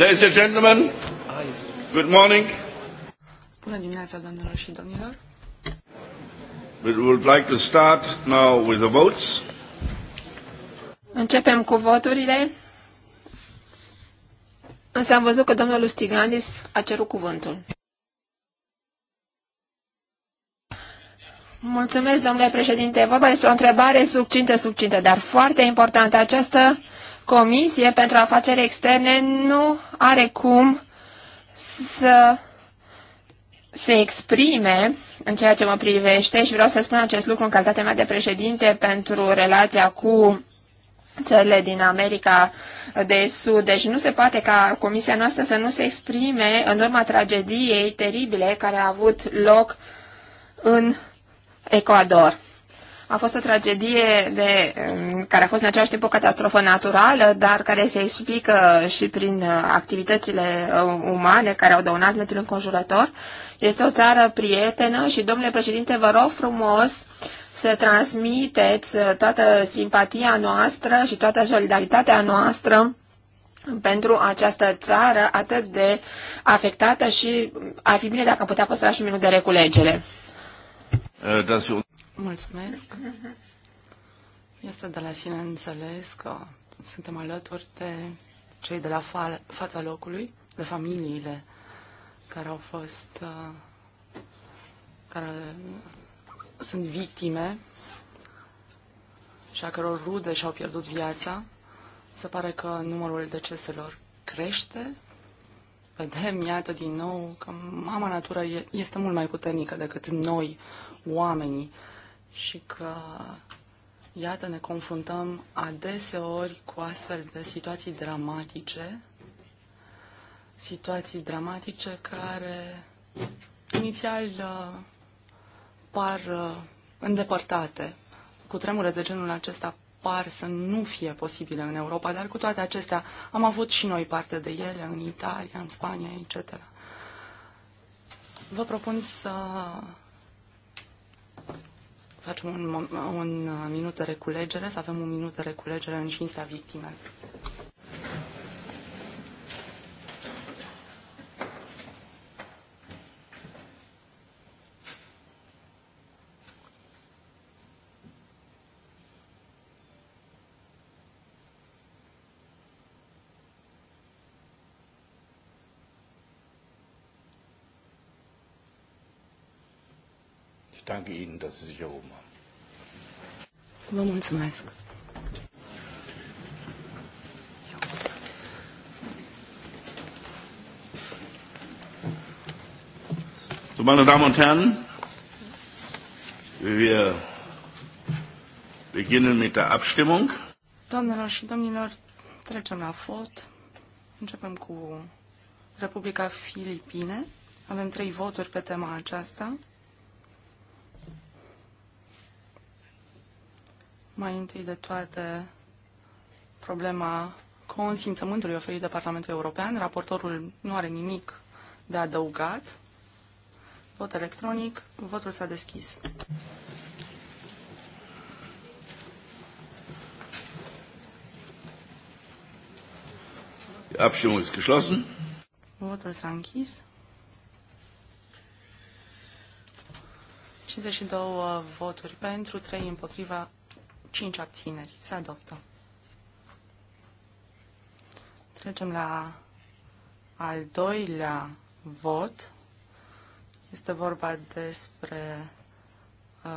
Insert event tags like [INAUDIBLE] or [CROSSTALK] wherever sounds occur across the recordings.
Ladies and gentlemen, good morning. Bună dimineața, doamnelor și domnilor. We would like to start now with the votes. Începem cu voturile. Însă am văzut că domnul Lustigandis a cerut cuvântul. Mulțumesc, domnule președinte. Vorba despre o întrebare succintă, succintă, dar foarte importantă. Această Comisie pentru Afaceri Externe nu are cum să se exprime în ceea ce mă privește și vreau să spun acest lucru în calitatea mea de președinte pentru relația cu țările din America de Sud. Deci nu se poate ca comisia noastră să nu se exprime în urma tragediei teribile care a avut loc în Ecuador. A fost o tragedie de, um, care a fost în același timp o catastrofă naturală, dar care se explică și prin uh, activitățile uh, umane care au dăunat mediul înconjurător. Este o țară prietenă și, domnule președinte, vă rog frumos să transmiteți uh, toată simpatia noastră și toată solidaritatea noastră pentru această țară atât de afectată și ar fi bine dacă am putea păstra și un minut de reculegere. Mulțumesc. Este de la sine înțeles că suntem alături de cei de la fa- fața locului, de familiile care au fost, uh, care sunt victime și a căror rude și-au pierdut viața. Se pare că numărul deceselor crește. Vedem, iată, din nou că mama natură este mult mai puternică decât noi, oamenii și că, iată, ne confruntăm adeseori cu astfel de situații dramatice, situații dramatice care inițial uh, par uh, îndepărtate. Cu tremure de genul acesta par să nu fie posibile în Europa, dar cu toate acestea am avut și noi parte de ele în Italia, în Spania, etc. Vă propun să Facem un, un uh, minut de reculegere, să avem un minut de reculegere în cinstea victimelor. danke Ihnen, dass Sie sich erhoben haben. Vă mulțumesc. So, meine Damen und Herren, wir beginnen mit der Abstimmung. Doamnelor și domnilor, trecem la vot. Începem cu Republica Filipine. Avem trei voturi pe tema aceasta. Mai întâi de toate, problema consimțământului oferit de Parlamentul European. Raportorul nu are nimic de adăugat. Vot electronic. Votul s-a deschis. Abstimmung ist geschlossen. Votul s-a închis. 52 voturi pentru, 3 împotriva, 5 abțineri. Se adoptă. Trecem la al doilea vot. Este vorba despre uh,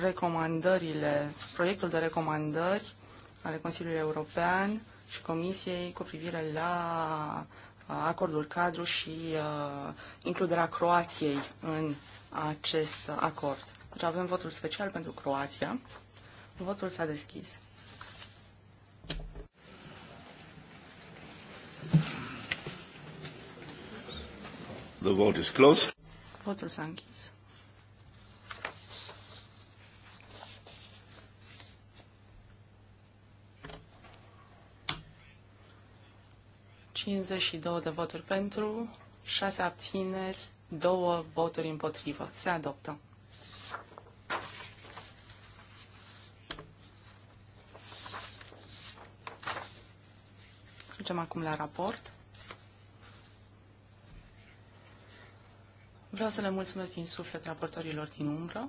recomandările, proiectul de recomandări ale Consiliului European și Comisiei cu privire la uh, acordul cadru și uh, includerea Croației în acest acord. Deci avem votul special pentru Croația. Votul s-a deschis. The vote is closed. Votul s-a închis. două de voturi pentru, 6 abțineri, două voturi împotrivă. Se adoptă. Trecem acum la raport. Vreau să le mulțumesc din suflet raportorilor din umbră.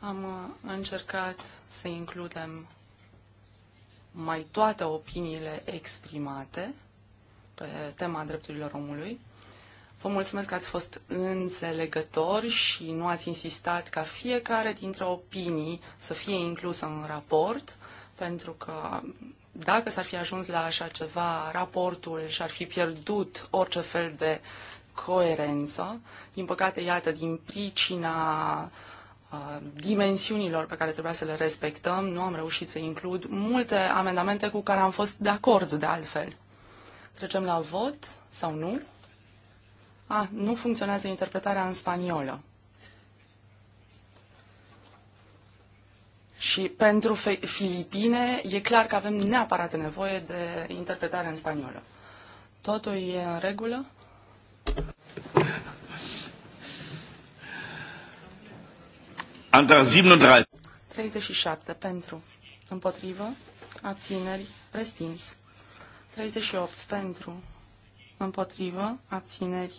Am uh, încercat să includem mai toate opiniile exprimate pe tema drepturilor omului. Vă mulțumesc că ați fost înțelegători și nu ați insistat ca fiecare dintre opinii să fie inclusă în raport, pentru că dacă s-ar fi ajuns la așa ceva, raportul și-ar fi pierdut orice fel de coerență. Din păcate, iată, din pricina uh, dimensiunilor pe care trebuia să le respectăm, nu am reușit să includ multe amendamente cu care am fost de acord de altfel. Trecem la vot sau nu? A, nu funcționează interpretarea în spaniolă. Și pentru Filipine e clar că avem neapărat nevoie de interpretare în spaniolă. Totul e în regulă? Antrag 37. 37 pentru. Împotrivă. Abțineri. Respins. 38 pentru. Împotrivă. Abțineri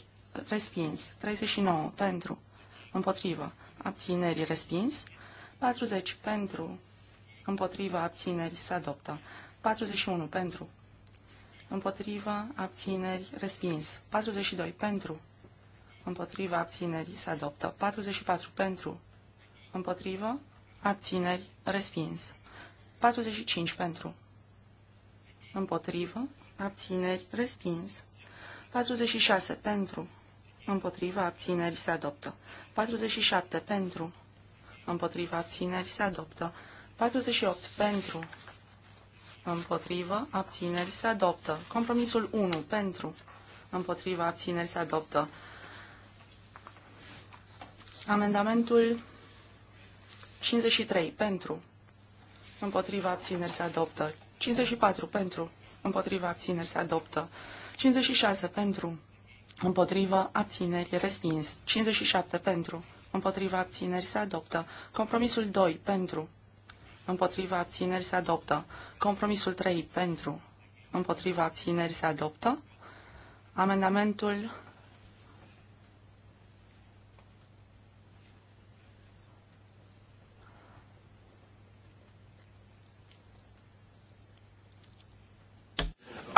respins. 39 pentru, împotrivă, abțineri, respins. 40 pentru, împotrivă, abțineri, se adoptă. 41 pentru, împotrivă, abțineri, respins. 42 pentru, împotrivă, abțineri, se adoptă. 44 pentru, împotrivă, abțineri, respins. 45 pentru, împotrivă, abțineri, respins. 46 pentru, împotriva abținerii se adoptă. 47 pentru, împotriva abținerii se adoptă. 48 pentru, împotriva abținerii se adoptă. Compromisul 1 pentru, împotriva abținerii se adoptă. Amendamentul 53 pentru, împotriva abținerii se adoptă. 54 pentru, împotriva abținerii se adoptă. 56 pentru, împotrivă, abțineri, respins. 57 pentru, împotrivă, abțineri, se adoptă. Compromisul 2 pentru, împotrivă, abțineri, se adoptă. Compromisul 3 pentru, împotrivă, abțineri, se adoptă. Amendamentul ...68.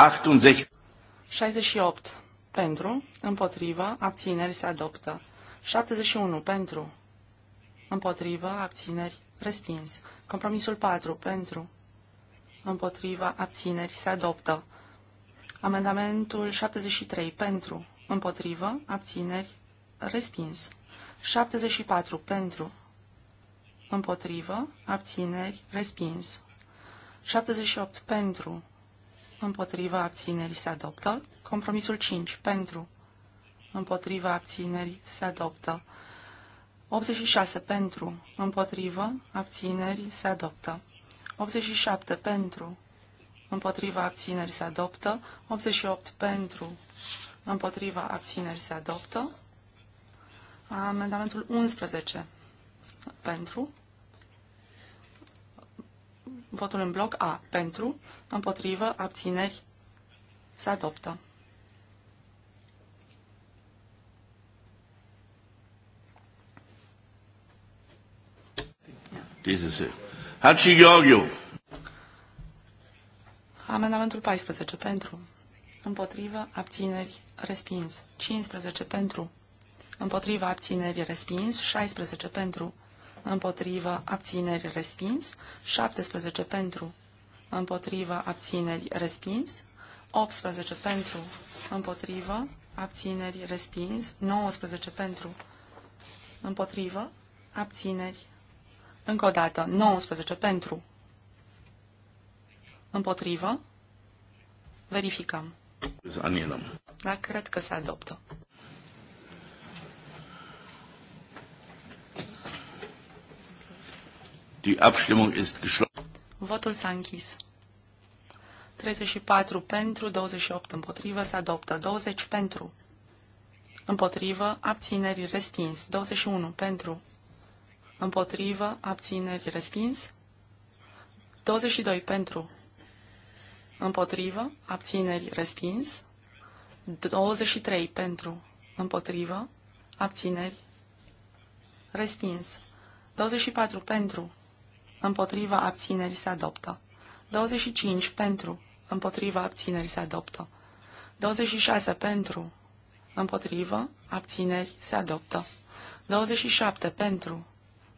68 pentru, împotrivă, abțineri se adoptă. 71 pentru, împotrivă, abțineri, respins. Compromisul 4 pentru, împotrivă, abțineri se adoptă. Amendamentul 73 pentru, împotrivă, abțineri, respins. 74 pentru, împotrivă, abțineri, respins. 78 pentru, împotriva abținerii se adoptă. Compromisul 5 pentru, împotriva abținerii se adoptă. 86 pentru, Împotriva abținerii se adoptă. 87 pentru, împotriva abținerii se adoptă. 88 pentru, împotriva abținerii se adoptă. Amendamentul 11 pentru, Votul în bloc A. Pentru, împotrivă, abțineri, se adoptă. Hachi Georgiu. Amendamentul 14 pentru. Împotrivă, abțineri, respins. 15 pentru. Împotrivă, abțineri, respins. 16 pentru împotrivă, abțineri, respins. 17 pentru, împotrivă, abțineri, respins. 18 pentru, împotrivă, abțineri, respins. 19 pentru, împotrivă, abțineri. Încă o dată, 19 pentru, împotrivă, verificăm. Anilăm. Da, cred că se adoptă. Die Abstimmung ist geschlossen. Votul s-a închis. 34 pentru, 28 împotrivă, se adoptă 20 pentru. Împotrivă, abțineri, respins. 21 pentru. Împotrivă, abțineri, respins. 22 pentru. Împotrivă, abțineri, respins. 23 pentru. Împotrivă, abțineri, respins. 24 pentru împotriva abținerii se adoptă. 25 pentru, împotriva abținerii se adoptă. 26 pentru, împotrivă, abțineri se adoptă. 27 pentru,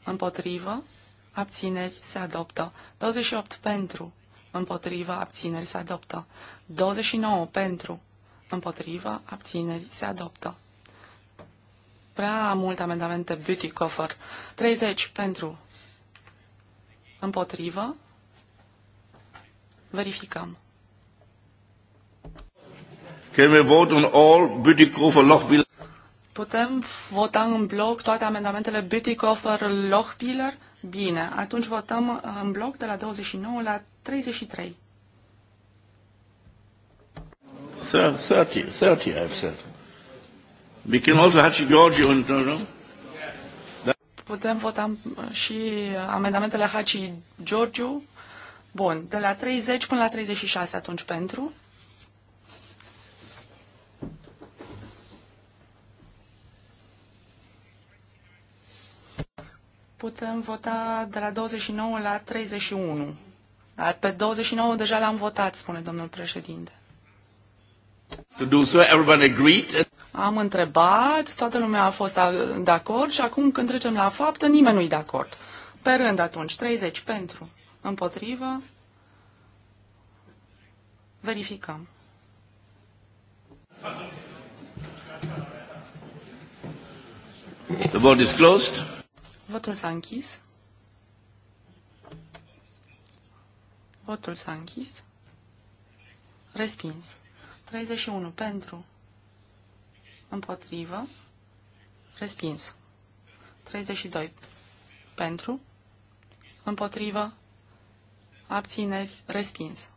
împotrivă, abțineri se adoptă. 28 pentru, împotriva abțineri se adoptă. 29 pentru, împotriva abțineri se adoptă. Prea multe amendamente, beauty cover. 30 pentru, Împotrivă? Verificăm. Can we vote on all Bütikofer Lochbiller? Putem vota în bloc toate amendamentele Bütikofer Lochbiller? Bine, atunci votăm uh, în bloc de la 29 la 33. 30, 30 I've said. We can also have Georgie and... Uh, no? Putem vota și amendamentele Haci Georgiu. Bun, de la 30 până la 36 atunci pentru. Putem vota de la 29 la 31. Dar pe 29 deja l-am votat, spune domnul președinte. To do so, everyone agreed. Am întrebat, toată lumea a fost de acord și acum când trecem la faptă, nimeni nu-i de acord. Pe rând atunci, 30 pentru, împotrivă, verificăm. The vote is closed. Votul s-a închis. Votul s-a închis. Respins. 31 pentru. Împotrivă. Respins. 32. Pentru. Împotrivă. Abțineri. Respins.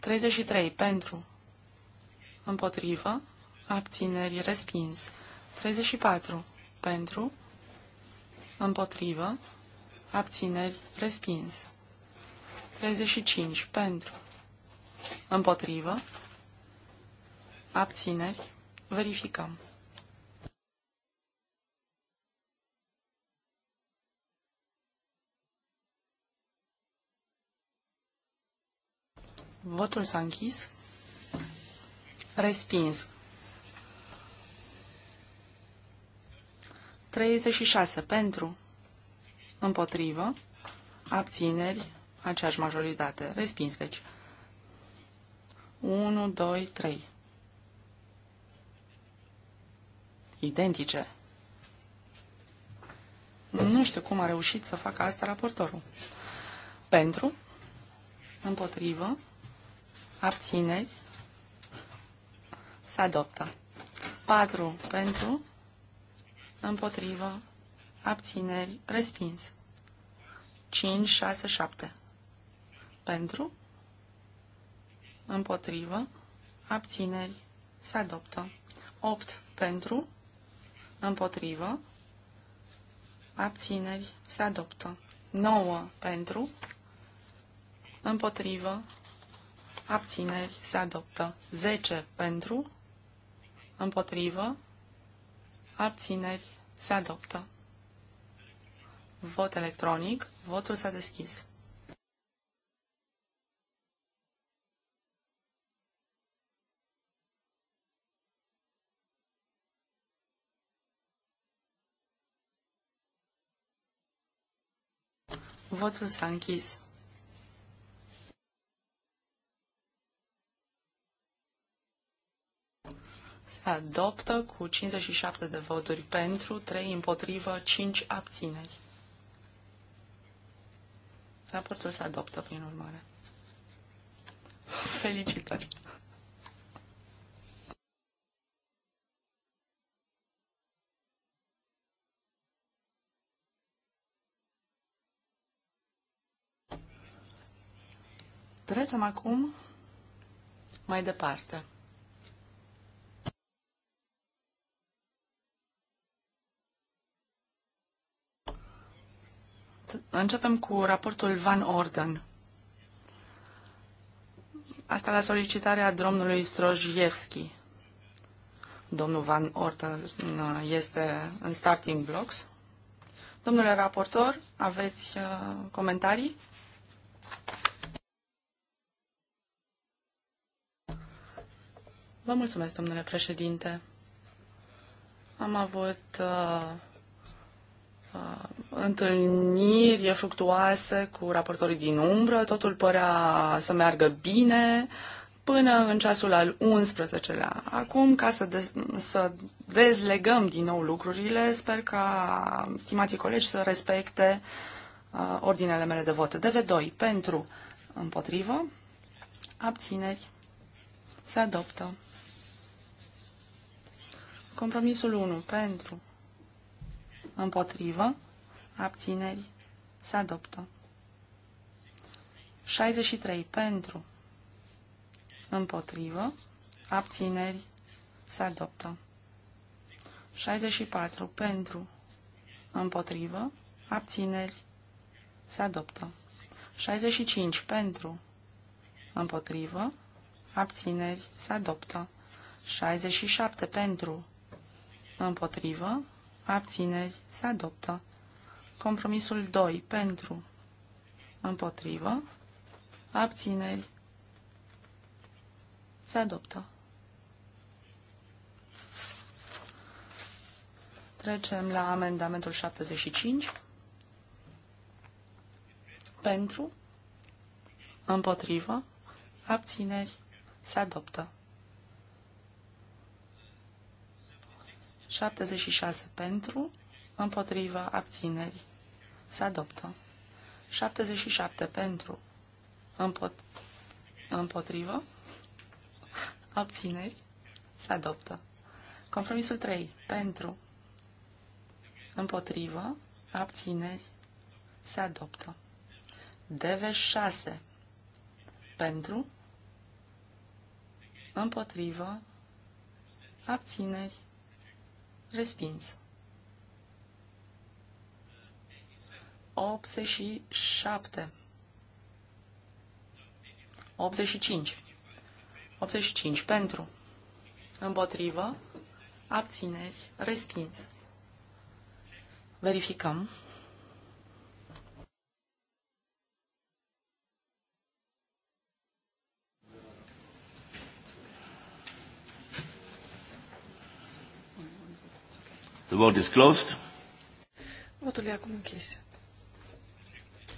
33. Pentru. Împotrivă. Abțineri. Respins. 34. Pentru. Împotrivă. Abțineri. Respins. 35. Pentru. Împotrivă abțineri, verificăm. Votul s-a închis. Respins. 36 pentru, împotrivă, abțineri, aceeași majoritate. Respins, deci. 1, 2, 3. identice. Nu știu cum a reușit să facă asta raportorul. Pentru, împotrivă, abțineri, se adoptă. 4 pentru, împotrivă, abțineri, respins. 5, 6, 7. Pentru, împotrivă, abțineri, se adoptă. 8 pentru, împotrivă, abțineri, se adoptă. 9 pentru, împotrivă, abțineri, se adoptă. 10 pentru, împotrivă, abțineri, se adoptă. Vot electronic, votul s-a deschis. Votul s-a închis. Se adoptă cu 57 de voturi pentru, 3 împotrivă, 5 abțineri. Raportul se adoptă, prin urmare. Felicitări! Trecem acum mai departe. Începem cu raportul Van Orden. Asta la solicitarea domnului Strojevski. Domnul Van Orden este în starting blocks. Domnule raportor, aveți uh, comentarii? Vă mulțumesc, domnule președinte. Am avut uh, uh, întâlniri fructuoase cu raportorii din umbră, totul părea să meargă bine până în ceasul al 11-lea. Acum, ca să, de- să dezlegăm din nou lucrurile, sper ca stimații colegi să respecte uh, ordinele mele de vot. DV2 pentru împotrivă, abțineri, se adoptă. Compromisul 1 pentru, împotrivă, abțineri, se adoptă. 63 pentru, împotrivă, abțineri, se adoptă. 64 pentru, împotrivă, abțineri, se adoptă. 65 pentru, împotrivă, abțineri, se adoptă. 67 pentru, împotrivă, abțineri, se adoptă. Compromisul 2, pentru, împotrivă, abțineri, se adoptă. Trecem la amendamentul 75. Pentru, împotrivă, abțineri, se adoptă. 76 pentru, împotrivă, abțineri, se adoptă. 77 pentru, împot, împotrivă, abțineri, se adoptă. Compromisul 3, pentru, împotrivă, abțineri, se adoptă. DV6, pentru, împotrivă, abțineri, Respins. 87. 85. 85. Pentru. Împotrivă. Abțineri. Respins. Verificăm. The vote is closed. Votul e acum închis.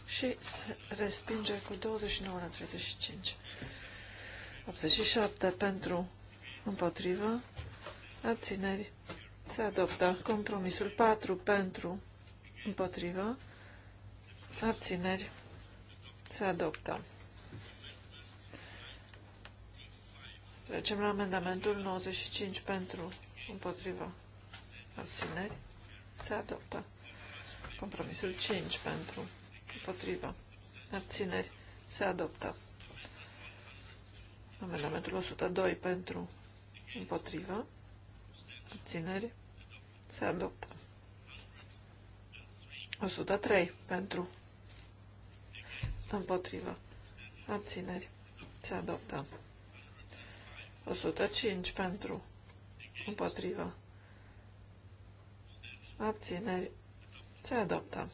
Și se respinge cu 29 la 35. 87 pentru împotrivă. Abțineri. Se adoptă compromisul 4 pentru împotrivă. Abțineri. Se adoptă. Trecem la amendamentul 95 pentru împotriva abțineri, se adoptă. Compromisul 5 pentru, împotriva, abțineri, se adoptă. Amendamentul 102 pentru, împotriva, abțineri, se adoptă. 103 pentru, împotriva, abțineri, se adoptă. 105 pentru, împotriva, abțineri, se adoptă.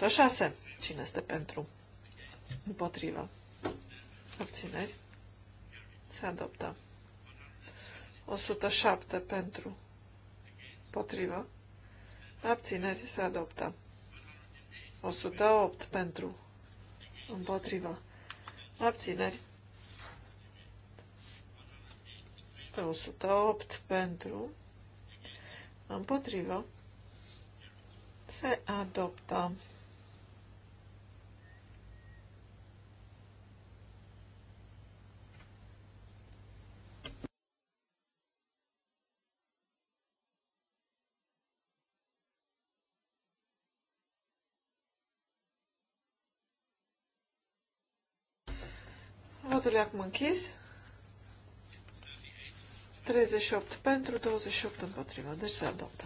O șase. Cine este pentru? Împotrivă. Abțineri. Se adoptă. 107 pentru. Potrivă. Abțineri. Se adoptă. 108 pentru. Împotrivă. Abțineri. 108 pentru, împotrivă, se adoptă. Votul e acum închis. 38 pentru, 28 împotrivă. Deci se adoptă.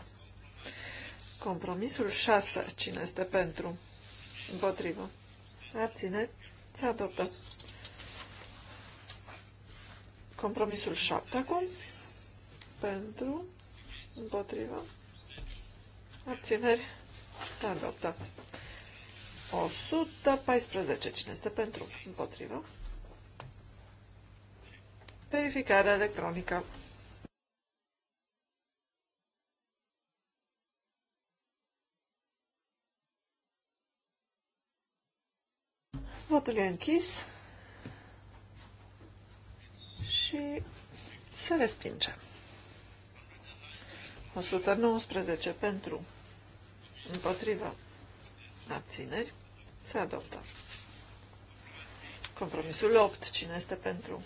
Compromisul 6. Cine este pentru? Împotrivă. Abține. Se adoptă. Compromisul 7 acum. Pentru. Împotrivă. Abțineri. Se adoptă. 114. Cine este pentru? Împotrivă. Verificare electronică. Votul e închis și se respinge. 119 pentru împotriva abțineri se adoptă. Compromisul 8. Cine este pentru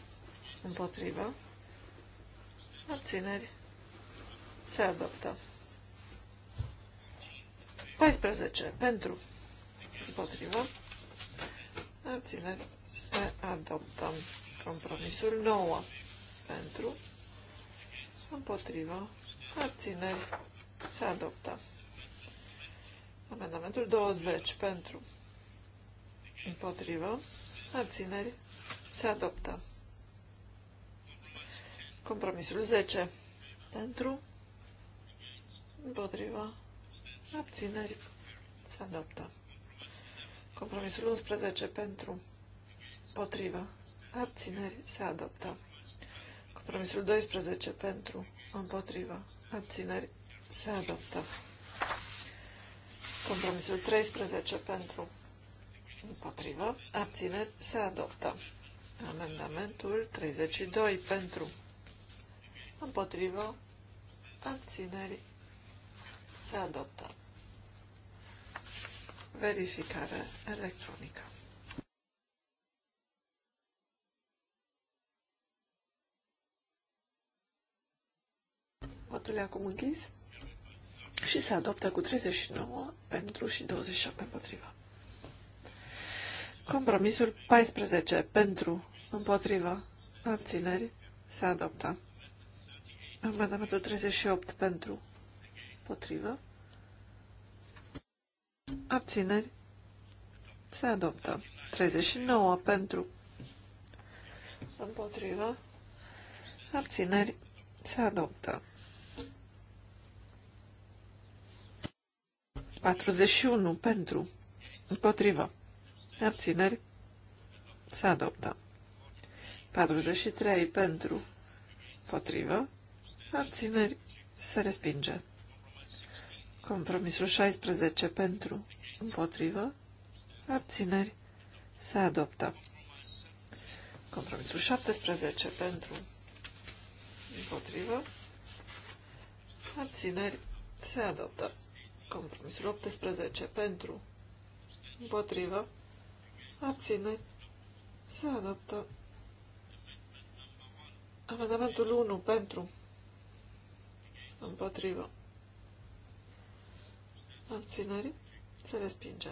împotriva abțineri se adoptă. 14 pentru împotriva abțineri, se adoptă. Compromisul 9 pentru, împotriva, abțineri, se adoptă. Amendamentul 20 pentru, împotrivă. abțineri, se adoptă. Compromisul 10 pentru, împotriva, abțineri, se adoptă. Compromisul 11 pentru, potrivă, abțineri se adoptă. Compromisul 12 pentru, împotrivă, abțineri se adoptă. Compromisul 13 pentru, împotrivă, abțineri se adoptă. Amendamentul 32 pentru, împotrivă, abțineri se adoptă. Verificare electronică. Votul e acum închis și se adoptă cu 39 pentru și 27 împotriva. Compromisul 14 pentru împotriva abțineri se adoptă. Amendamentul 38 pentru împotrivă abțineri, se adoptă. 39 pentru, împotrivă, abțineri, se adoptă. 41 pentru, împotrivă, abțineri, se adoptă. 43 pentru, împotrivă, abțineri, se respinge. Compromisul 16 pentru, împotrivă, abțineri, se adoptă. Compromisul 17 pentru, împotrivă, abțineri, se adoptă. Compromisul 18 pentru, împotrivă, abțineri, se adoptă. Amendamentul 1 pentru, împotrivă abțineri, se respinge.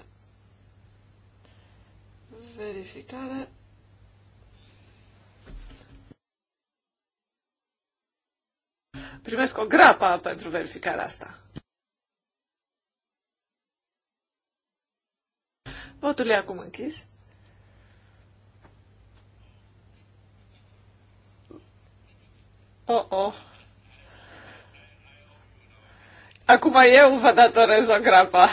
Verificare. Primesc o grapa pentru verificarea asta. Votul e acum închis. Oh, oh. Acum eu vă datorez o grapa.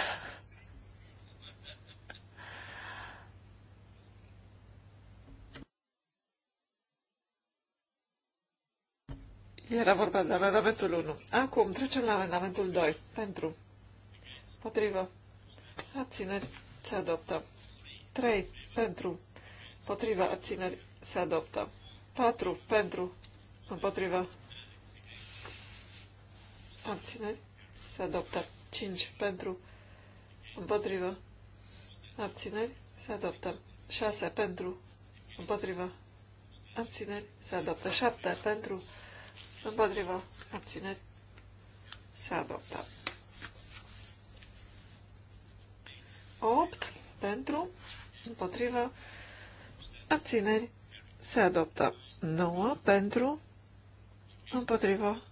Era vorba de amendamentul 1. Acum trecem la amendamentul 2. Pentru. Potrivă. Abțineri. Se adoptă. 3. Pentru. Potrivă. Abțineri. Se adoptă. 4. Pentru. Împotrivă. Abțineri. Se adoptă. 5 pentru. Împotrivă. Abțineri. Se adoptă. 6 pentru. Împotrivă. Abțineri. Se adoptă. 7 pentru. Împotrivă. Abțineri. Se adoptă. 8 pentru. Împotrivă. Abțineri. Se adoptă. 9 pentru. Împotrivă.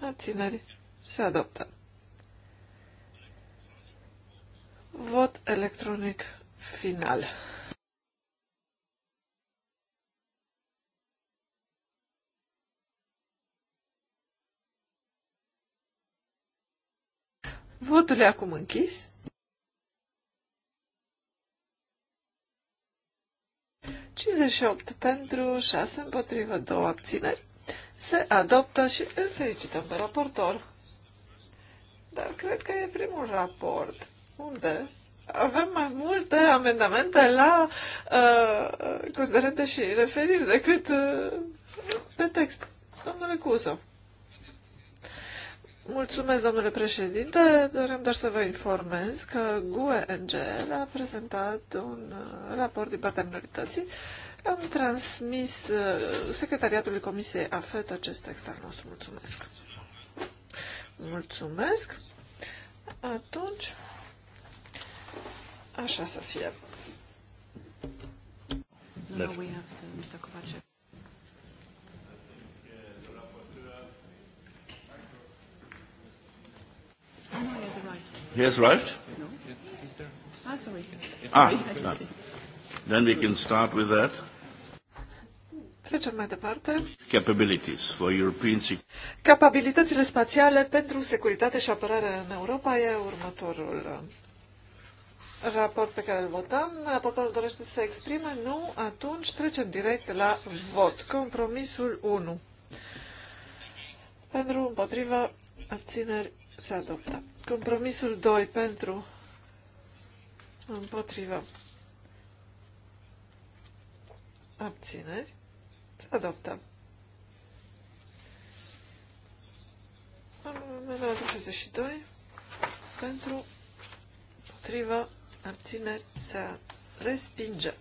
Abțineri. Se adoptă. Vot electronic final. Votul e acum închis. opt pentru, 6 împotrivă, două abțineri. Se adoptă și îl felicităm pe raportor. Dar cred că e primul raport unde avem mai multe amendamente la uh, considerente și referiri decât uh, pe text. Domnule Cuzo. Mulțumesc, domnule președinte. Doream doar să vă informez că GUE NGL a prezentat un uh, raport din partea minorității. Am transmis uh, secretariatului Comisiei AFET acest text al nostru. Mulțumesc. Mulțumesc. Atunci, așa să fie. No, we have to, uh, Mr. Kovacev. Oh, he has arrived? No. Ah, sorry. ah, ah. Then we can start with that. Trecem mai departe. Capabilities for European Capabilitățile spațiale pentru securitate și apărare în Europa e următorul uh, raport pe care îl votăm. Raportorul dorește să se exprime? Nu? Atunci trecem direct la vot. Compromisul 1. Pentru, împotriva, abțineri se adoptă. Compromisul 2 pentru, împotriva, abțineri se adoptă. Amendamentul 62 pentru potriva abțineri se respinge.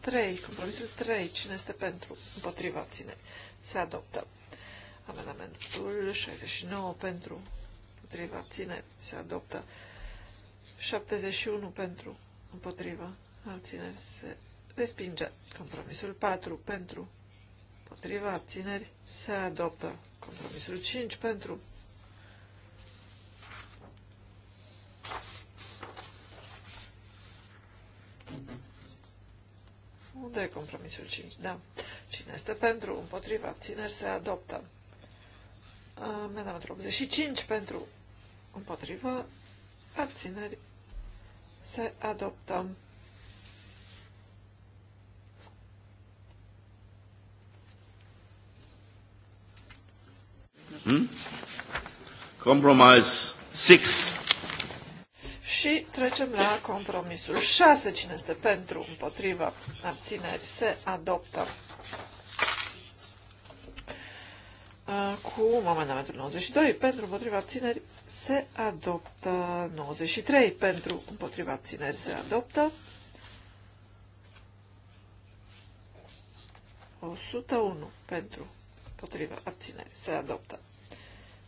3. Compromisul 3. Cine este pentru? Împotriva abțineri. Se adoptă. Amendamentul 69 pentru împotriva abțineri. Se adoptă. 71 pentru împotriva abțineri. Se respinge. Compromisul 4 pentru împotriva abțineri se adoptă. Compromisul 5 pentru Unde e compromisul 5? Da. Cine este pentru? Împotriva. Abțineri se adoptă. Amendamentul 85 pentru. Împotriva. Abțineri se adoptă. Hmm? Compromise 6. Și trecem la compromisul 6. Cine este pentru, împotriva, abțineri, se adoptă. Cu amendamentul 92, pentru, împotriva, abțineri, se adoptă. 93, pentru, împotriva, abțineri, se adoptă. 101, pentru, împotriva, abțineri, se adoptă.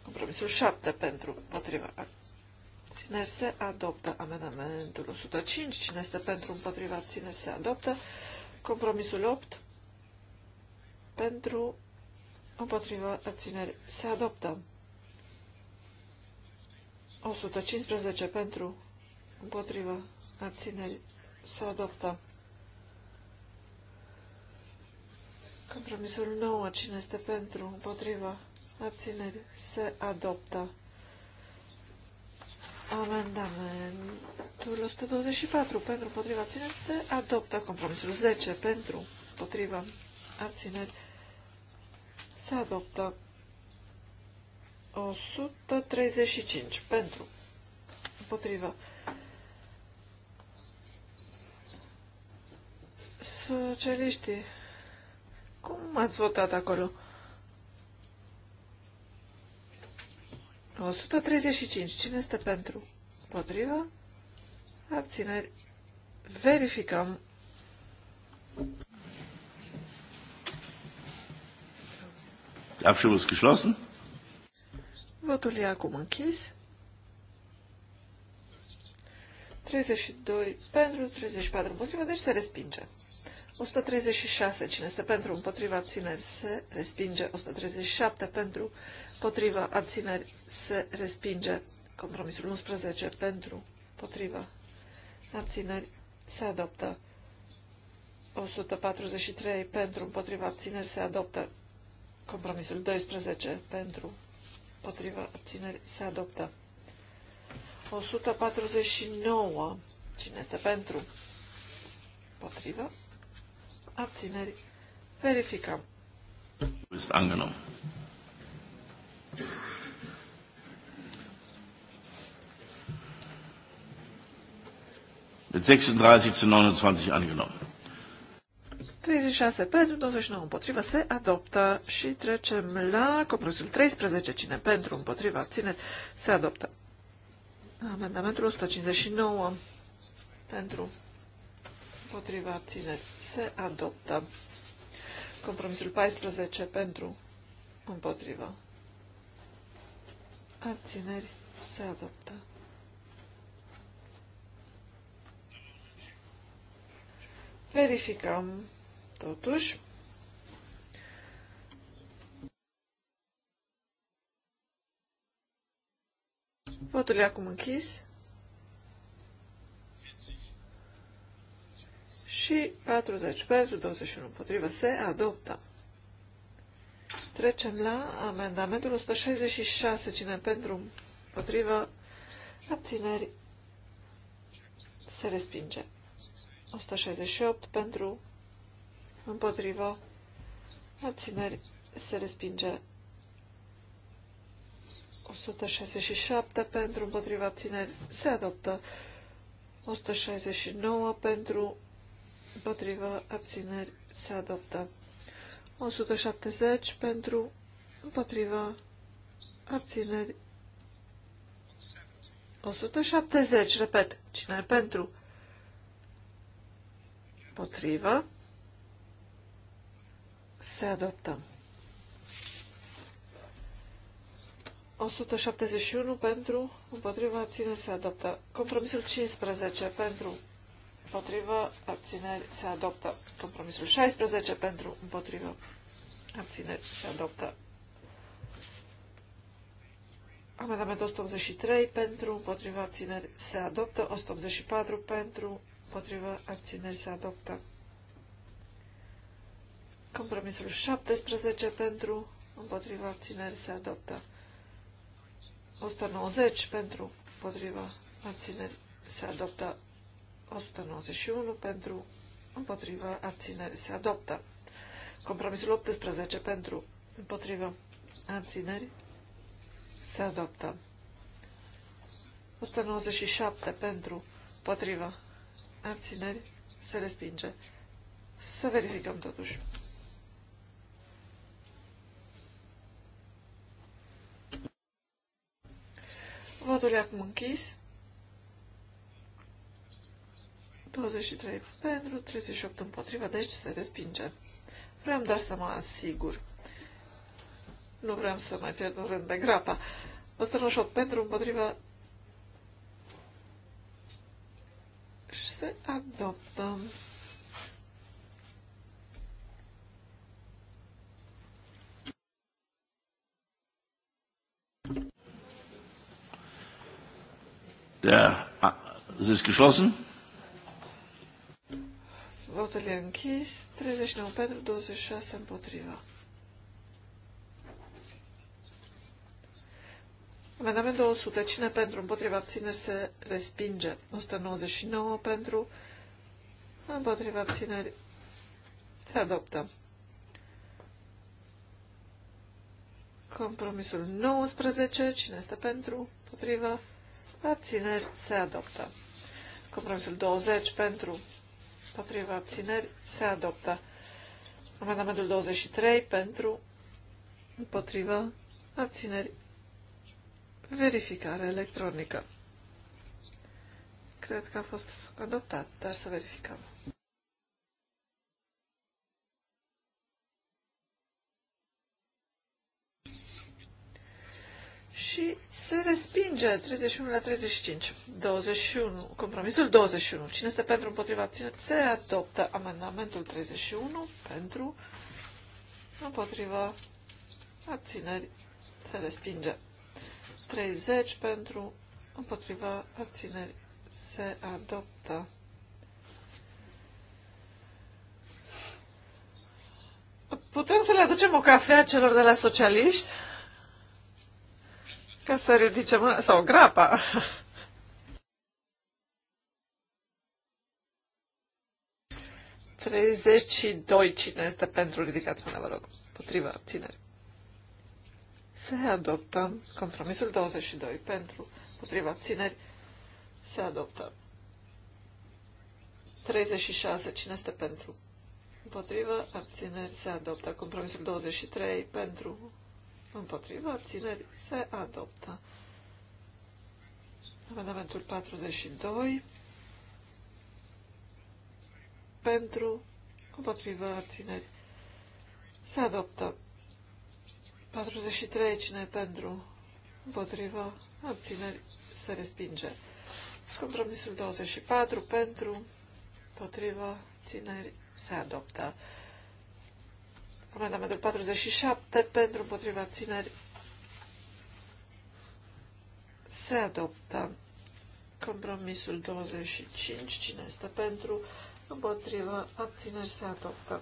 Compromisul 7 pentru împotriva Cine se adoptă. Amendamentul 105. Cine este pentru împotriva abțineri se adoptă. Compromisul 8 pentru împotriva abțineri se adoptă. 115 pentru împotriva abțineri se adoptă. Compromisul 9. Cine este pentru împotriva abțineri, se adoptă. Amendamentul 124 pentru potriva abțineri se adoptă. Compromisul 10 pentru potriva abțineri se adoptă. 135 pentru potriva socialiștii. Cum ați votat acolo? 135. Cine este pentru? Împotrivă? Abțineri. Verificăm. Abstimmung ist geschlossen. Votul e acum închis. 32 pentru, 34 împotrivă, deci se respinge. 136. Cine este pentru? Împotriva abțineri se respinge. 137. Pentru. Împotriva abțineri se respinge. Compromisul 11. Pentru. Împotriva abțineri se adoptă. 143. Pentru. Împotriva abțineri se adoptă. Compromisul 12. Pentru. Împotriva abțineri se adoptă. 149. Cine este pentru? Potriva abțineri, verificăm. Este Mit 36 zu 29 angenommen. 36 pentru, 29 împotriva, se adoptă și trecem la compromisul 13. Cine pentru, împotriva, abțineri, se adoptă. Amendamentul 159 pentru, împotriva abțineri se adoptă. Compromisul 14 pentru împotriva abțineri se adoptă. Verificăm totuși. Votul e acum închis. și 40 pentru, 21 împotrivă, se adoptă. Trecem la amendamentul 166, cine pentru, împotrivă, abțineri, se respinge. 168 pentru, împotrivă, abțineri, se respinge. 167 pentru, împotriva abțineri, se adoptă. 169 pentru, împotrivă, abțineri, se adoptă. 170 pentru, împotrivă, abțineri. 170, repet, cine pentru? Potrivă. Se adoptă. 171 pentru, împotriva abțineri se adoptă. Compromisul 15 pentru, împotrivă, abțineri, se adoptă. Compromisul 16 pentru, împotrivă, abțineri, se adoptă. Amendamentul 183 pentru, împotrivă, abțineri, se adoptă. 184 pentru, împotrivă, abțineri, se adoptă. Compromisul 17 pentru, împotrivă, abțineri se adoptă. 190 pentru, împotrivă, abțineri se adoptă. 191 pentru împotriva abținere. se adoptă. Compromisul 18 pentru împotriva abțineri se adoptă. 197 pentru împotriva abțineri se respinge. Să verificăm totuși. Votul e acum închis. 23 pentru, 38 împotriva, deci se respinge. Vreau doar să mă asigur. Nu vreau să mai pierd un rând de grapa. 198 pentru, împotriva, și se adoptă. Der, das ah, ist geschlossen. Votul e închis. 39 pentru, 26 împotriva. Amendament 200. Cine pentru? Împotriva abțineri se respinge. 199 pentru. Împotriva abțineri se adoptă. Compromisul 19. Cine este pentru? Împotriva abțineri se adoptă. Compromisul 20 pentru împotriva abțineri se adoptă. Amendamentul 23 pentru împotriva abțineri verificare electronică. Cred că a fost adoptat, dar să verificăm. și se respinge 31 la 35. 21, compromisul 21. Cine este pentru împotriva abțineri se adoptă amendamentul 31 pentru împotriva abțineri se respinge. 30 pentru împotriva abțineri se adoptă. Putem să le aducem o cafea celor de la socialiști? Ca să ridice mâna sau grapa. Treizeci doi. Cine este pentru? Ridicați mâna, vă rog. Potriva abținere. Se adoptă compromisul 22 pentru potriva abțineri. Se adoptă. 36. Cine este pentru? Împotrivă, abțineri se adoptă. Compromisul 23 pentru, împotriva abținerii se adoptă. Amendamentul 42 pentru împotriva abținerii se adoptă. 43 cine pentru împotriva abținerii se respinge. Compromisul 24 pentru împotriva abținerii se adoptă. Amendamentul 47 pentru împotriva țineri se adoptă. Compromisul 25. Cine este pentru? împotriva Abțineri se adoptă.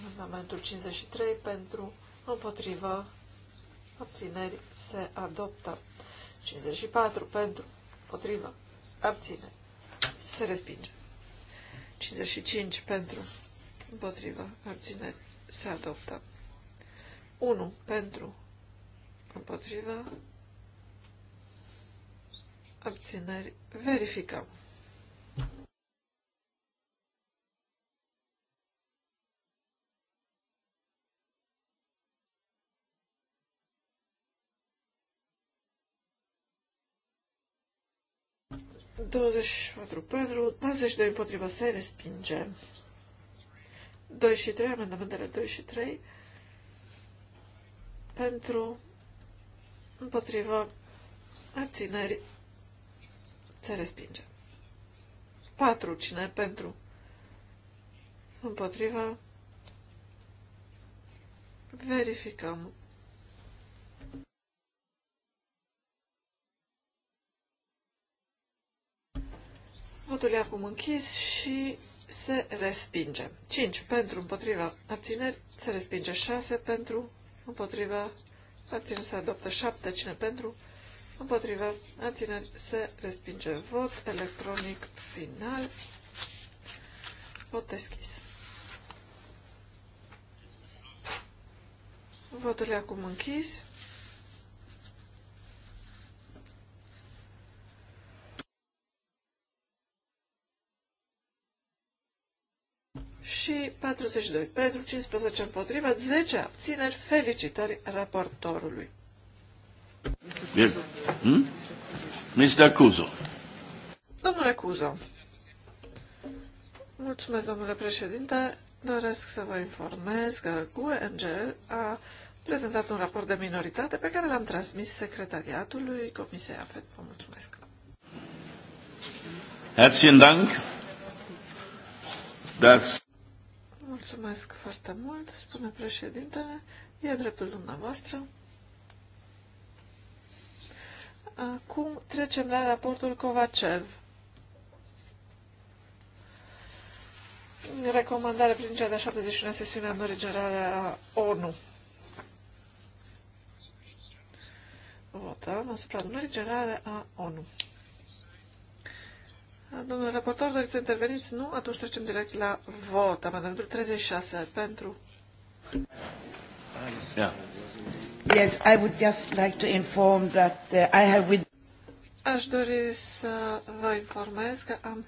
Amendamentul 53 pentru împotriva Abțineri se adoptă. 54 pentru împotriva Abțineri se respinge. 55 pentru împotriva Abțineri se adoptă. 1 pentru împotriva abțineri. Verificăm. Douăzeci patru pentru, patruzeci doi împotriva se respinge. 2 și 3, amendamentele 2 și 3, pentru, împotriva, abțineri, se respinge. 4. Cine pentru, împotriva, verificăm. Votul e acum închis și se respinge. 5 pentru împotriva abțineri se respinge. 6 pentru împotriva abțineri se adoptă. 7 cine pentru împotriva abțineri se respinge. Vot electronic final. Vot deschis. Votul e acum închis. și 42 pentru, 15 împotriva, 10 abțineri. Felicitări raportorului. Mr. Hmm? Cuzo. Domnule Cuzo, mulțumesc, domnule președinte. Doresc să vă informez că QNGL a prezentat un raport de minoritate pe care l-am transmis secretariatului Comisiei AFED. Vă mulțumesc. Herzlichen Dank. Das Mulțumesc foarte mult, spune președintele. E dreptul dumneavoastră. Acum trecem la raportul Covacev. Recomandare prin cea de-a 71-a sesiune a generale a ONU. Votăm asupra adunării generale a ONU. Domnule raportor, doriți să interveniți? Nu? Atunci trecem direct la vot. Amendamentul 36 pentru. Yeah. Yes, I would just like to inform that uh, I have with... Aș dori să vă informez că am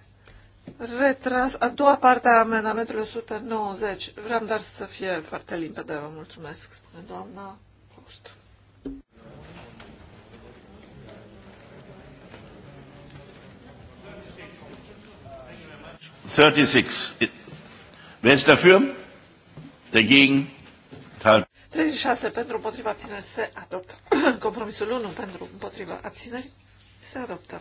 retras a doua parte a amendamentului 190. Vreau doar să fie foarte limpede. Vă mulțumesc, spune doamna 36. Wer ist dafür? Dagegen? 36 pentru împotriva abțineri se adoptă. [CLEARS THROAT] Compromisul 1 pentru împotriva abțineri se adoptă.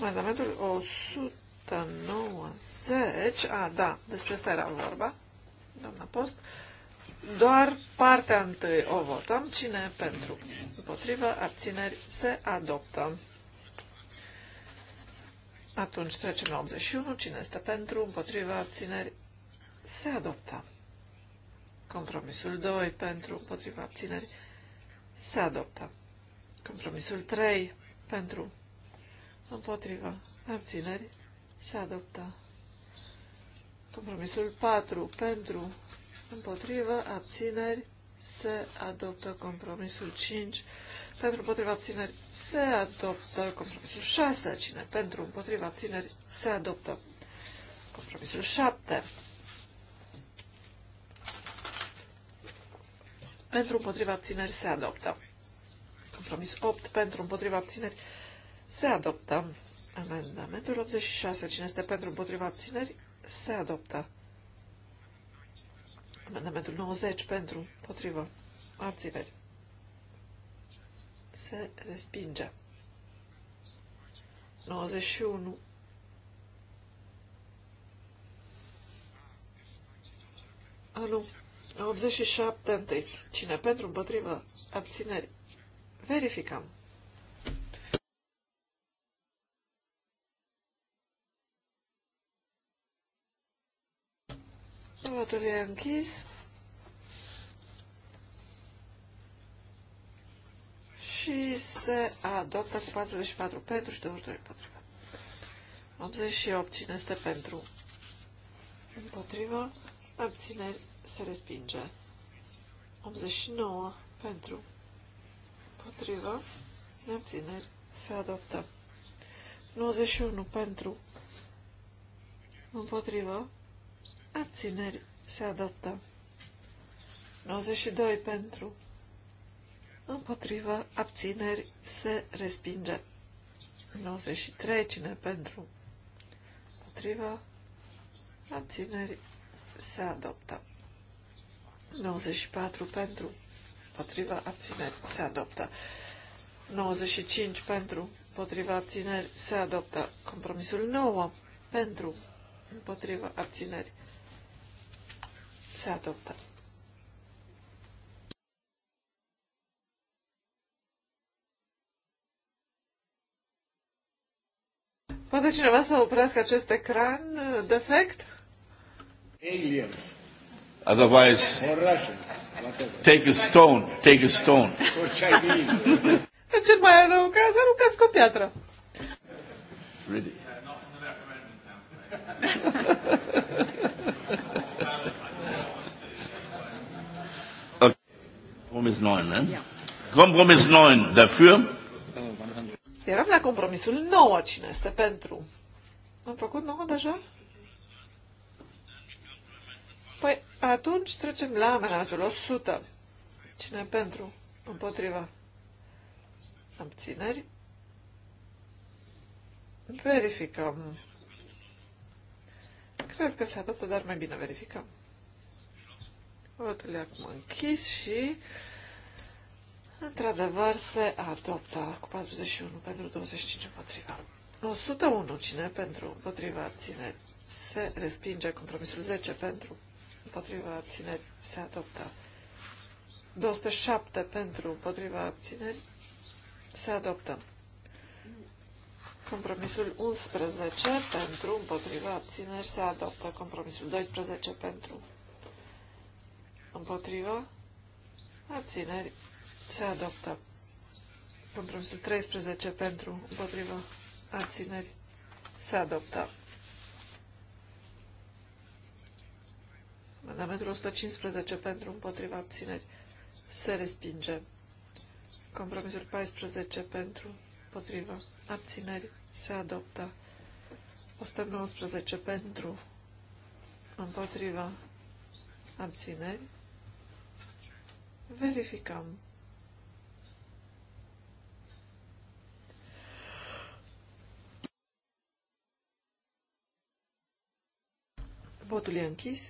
Amendamentul 190, a, da, despre asta era vorba, doamna Post, doar partea întâi o votăm, cine pentru, împotriva, abțineri, se adoptă. Atunci trecem la 81. Cine este pentru? Împotriva abțineri se adoptă. Compromisul 2 pentru împotriva abțineri se adoptă. Compromisul 3 pentru împotriva abțineri se adoptă. Compromisul 4 pentru împotriva abțineri se adoptă. Compromisul 5 pentru împotriva abțineri se adoptă. Compromisul 6. Cine pentru împotriva abțineri se adoptă. Compromisul 7. Pentru împotriva abțineri se adoptă. Compromis 8. Pentru împotriva abțineri se adoptă. Amendamentul 86. Cine este pentru împotriva abțineri se adoptă. Amendamentul 90 pentru împotriva abțineri se respinge. 91. A, nu. 87 întâi. Cine pentru, împotrivă, abțineri. Verificăm. Votul e închis. și se adoptă cu 44 pentru și 22 împotriva. 88. Cine este pentru? Împotriva. Abțineri. Se respinge. 89. Pentru. Împotriva. Abțineri. Se adoptă. 91. Pentru. Împotriva. Abțineri. Se adoptă. 92. Pentru. Împotrivă, abțineri, se respinge. 93, cine pentru? Împotrivă, abțineri, se adoptă. 94 pentru, împotrivă, abțineri, se adoptă. 95 pentru, împotriva abțineri, se adoptă. Compromisul 9 pentru, împotriva abțineri, se adoptă. Poate cineva să oprească acest ecran defect? Aliens. Otherwise, take a stone, take a stone. În cel mai rău caz, aruncați cu o piatră. Really? Kompromiss 9, ne? Yeah. Kompromiss 9 dafür. Eram la compromisul 9. Cine este pentru? Am făcut 9 deja? Păi atunci trecem la amenatul 100. Cine pentru? Împotriva. Abțineri. Verificăm. Cred că se adoptă, dar mai bine verificăm. Votul e acum închis și Într-adevăr, se adoptă cu 41 pentru 25 împotriva. 101 cine pentru împotriva ține se respinge compromisul 10 pentru împotriva ține se adoptă. 207 pentru împotriva ține se adoptă. Compromisul 11 pentru împotriva abțineri se adoptă. Compromisul 12 pentru împotriva abțineri se adoptă. Compromisul 13 pentru, împotriva, abțineri, se adoptă. Amendamentul 115 pentru, împotriva, abțineri, se respinge. Compromisul 14 pentru, împotriva, abțineri, se adoptă. 119 pentru, împotriva, abțineri, verificăm. Votul e închis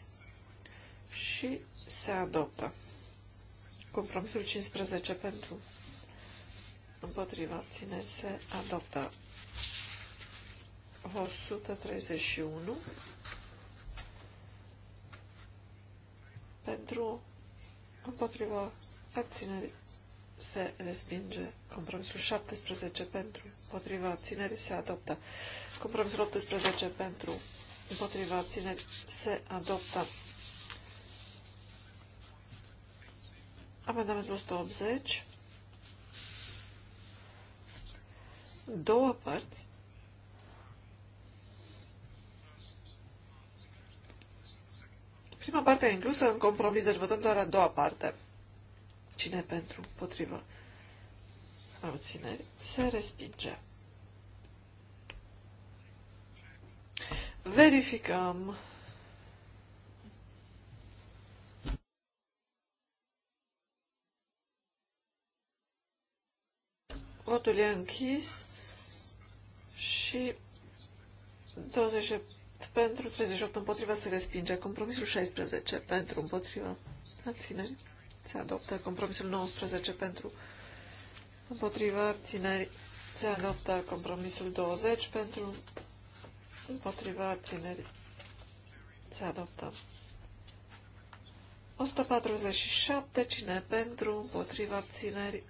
și se adoptă. Compromisul 15 pentru împotriva abțineri se adoptă. 131 pentru împotriva abținerii se respinge. Compromisul 17 pentru împotriva abținerii se adoptă. Compromisul 18 pentru împotriva ține se adoptă. Amendamentul 180. Două părți. Prima parte e inclusă în compromis, deci votăm doar a doua parte. Cine pentru? Potrivă. Abțineri. Se respinge. Verificăm. Votul e închis și 28 pentru 38 împotriva se respinge. Compromisul 16 pentru împotriva. Abțineri. Se adoptă compromisul 19 pentru împotriva abțineri. Se adoptă compromisul 20 pentru împotriva abținerii. Se adoptă. 147. Cine pentru, împotriva abținerii,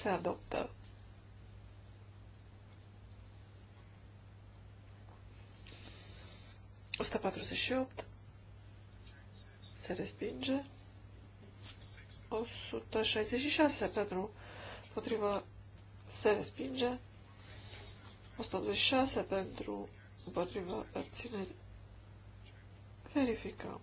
se adoptă. Osta 48 se respinge 166 pentru potriva se respinge 186 pentru împotriva abținerii. Verificăm.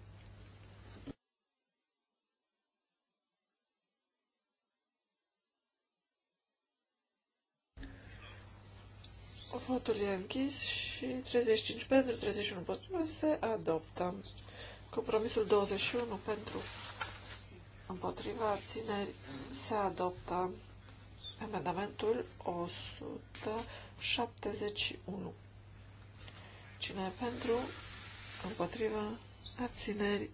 Votul e închis și 35 pentru, 31 împotriva se adoptă. Compromisul 21 pentru împotriva abțineri se adoptă amendamentul 171. Cine pentru? Împotriva? Abțineri?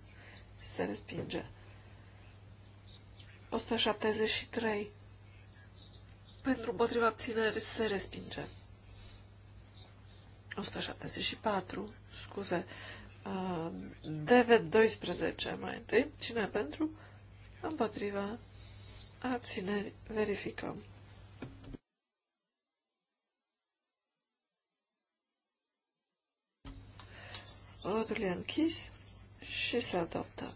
Se respinge. 173. Pentru împotriva abțineri se respinge. 174. Scuze. DV12 mai întâi. Cine pentru? Împotriva abțineri verificăm. Votul e închis și se adoptă.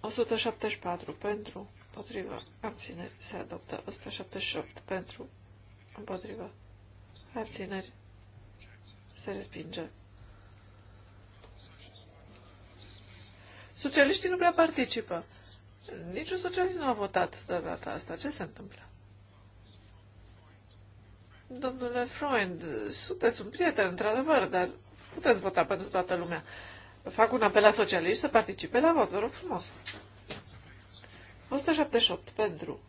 174 pentru, împotriva, abțineri, se adoptă. 178 pentru, împotriva, abțineri, se respinge. Socialiștii nu prea participă. Niciun socialist nu a votat de data asta. Ce se întâmplă? Domnule Freund, sunteți un prieten, într-adevăr, dar puteți vota pentru toată lumea. Fac un apel la socialiști să participe la vot, vă rog frumos. 178 pentru.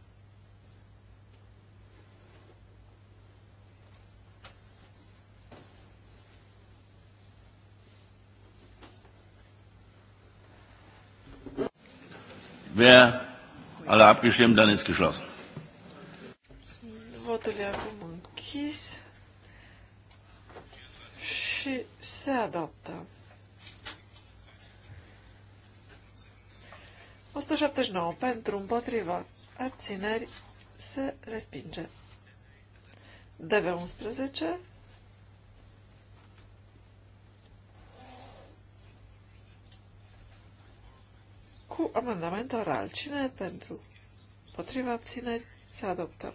Wer alle abgestimmt, dann ist geschlossen. Votul e acum închis și se adaptă. 179 pentru, împotriva, abțineri, se respinge. DV11 cu amendament oral. Cine pentru? Potriva abțineri se adoptă.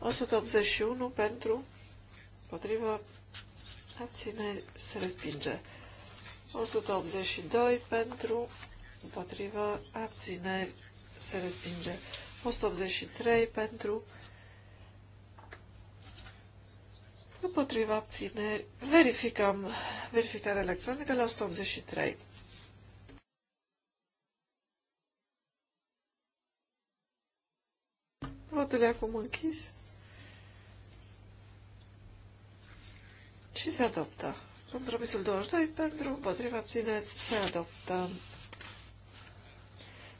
181 pentru, potrivă abține se respinge. 182 pentru, împotrivă, abține se respinge. 183 pentru, împotriva abțineri. Verificăm verificarea electronică la 183. Votul e acum închis. și se adoptă. Compromisul 22 pentru împotriva abțineți se adoptă.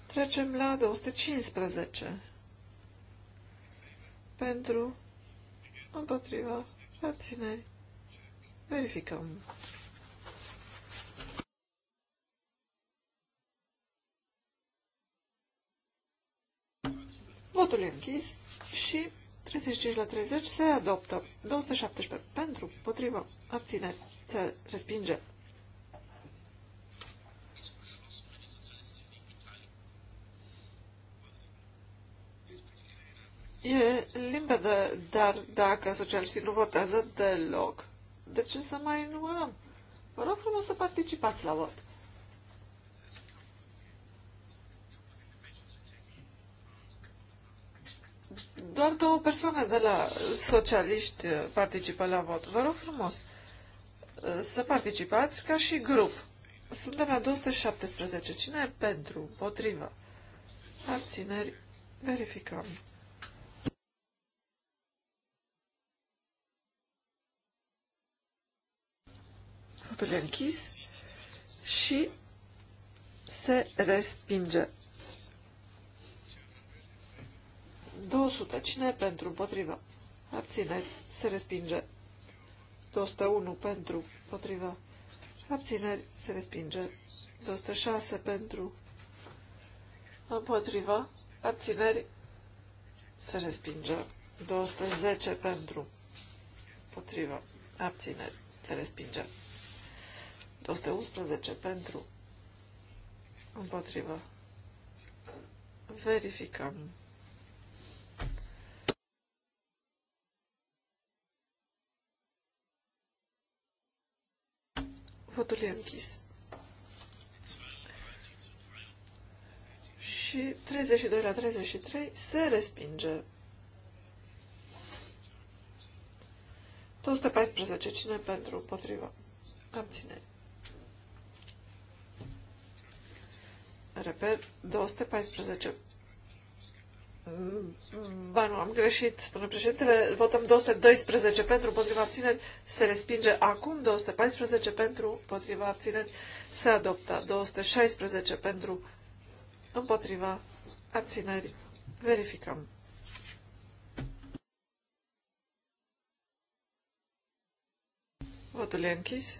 Trecem la 215. Pentru împotriva abțineri. Verificăm. Votul e închis și 35 la 30 se adoptă. 217 pentru, potrivă, abține, se respinge. E limpede, dar dacă socialiștii nu votează deloc, de ce să mai numărăm? Vă rog frumos să participați la vot. Doar două persoane de la socialiști uh, participă la vot. Vă rog frumos uh, să participați ca și grup. Suntem la 217. Cine e pentru? Potrivă? Abțineri? Verificăm. Votul e închis și se respinge. 200. Cine pentru? Împotrivă. Abțineri. Se respinge. 201 pentru. Împotrivă. Abțineri. Se respinge. 206 pentru. Împotrivă. Abțineri. Se respinge. 210 pentru. Împotrivă. Abțineri. Se respinge. 211 pentru. Împotrivă. Verificăm. Votul e închis. Și 32 la 33 se respinge. 214. Cine pentru? Împotriva. Abțineri. Repet, 214 Ba nu, am greșit, spune președintele. Votăm 212 pentru, împotriva abțineri. Se respinge acum 214 pentru, împotriva abțineri. Se adoptă 216 pentru, împotriva abțineri. Verificăm. Votul e închis.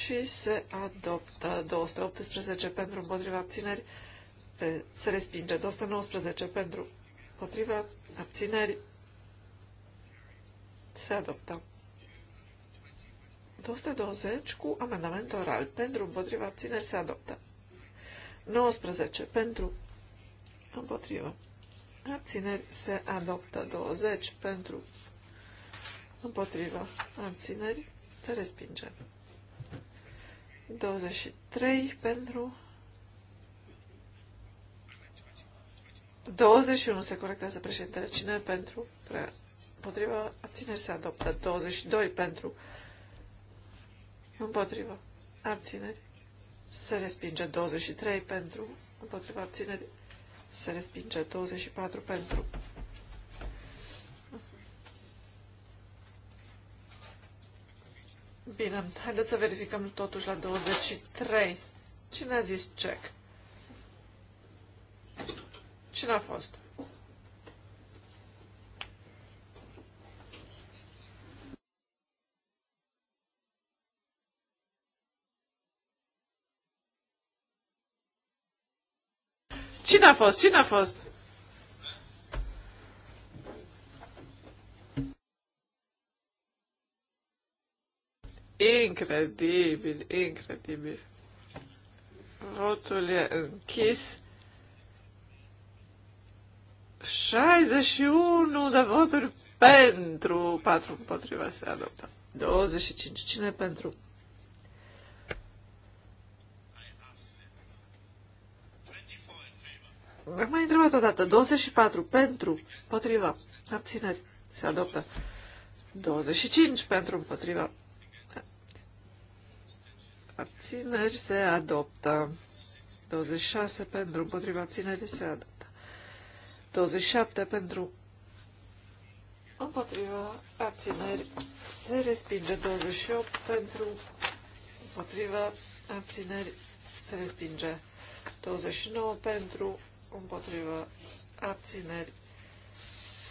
și se adoptă 218 pentru împotriva abțineri, se respinge 219 pentru împotriva abțineri, se adoptă. 220 cu amendament oral pentru împotriva abțineri se adoptă. 19 pentru împotriva abțineri se adoptă. 20 pentru împotriva abțineri se respinge. 23 pentru 21 se corectează președintele. Cine pentru? Prea. Împotriva abțineri se adoptă. 22 pentru. Împotriva abțineri se respinge. 23 pentru. Împotriva abțineri se respinge. 24 pentru. Bine, haideți să verificăm totuși la 23. Cine a zis check? Cine a fost? Cine a fost? Cine a fost? Incredibil, incredibil. Votul e închis. 61 de voturi pentru, 4 împotriva se adoptă. 25. Cine pentru? Am mai întrebat o dată. 24 pentru, împotriva, abțineri, se adoptă. 25 pentru, împotriva, abțineri se adoptă. 26 pentru, împotriva abținerii se adoptă. 27 pentru, împotriva abțineri se respinge. 28 pentru, împotriva abțineri se respinge. 29 pentru, împotriva abțineri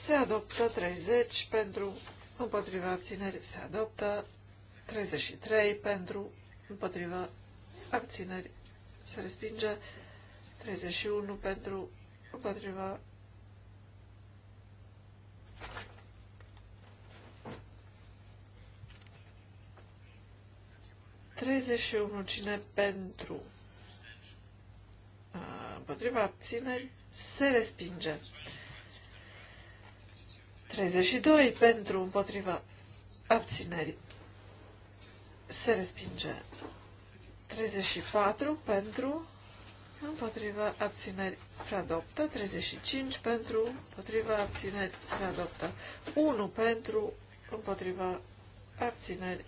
se adoptă. 30 pentru, împotriva abțineri se adoptă. 33 pentru, împotriva abțineri, se respinge. 31 pentru, împotriva Treizeci și unu cine pentru împotriva abțineri se respinge. 32 pentru împotriva abțineri se respinge. 34 pentru, împotriva abțineri se adoptă, 35 pentru, împotriva abțineri se adoptă, 1 pentru, împotriva abțineri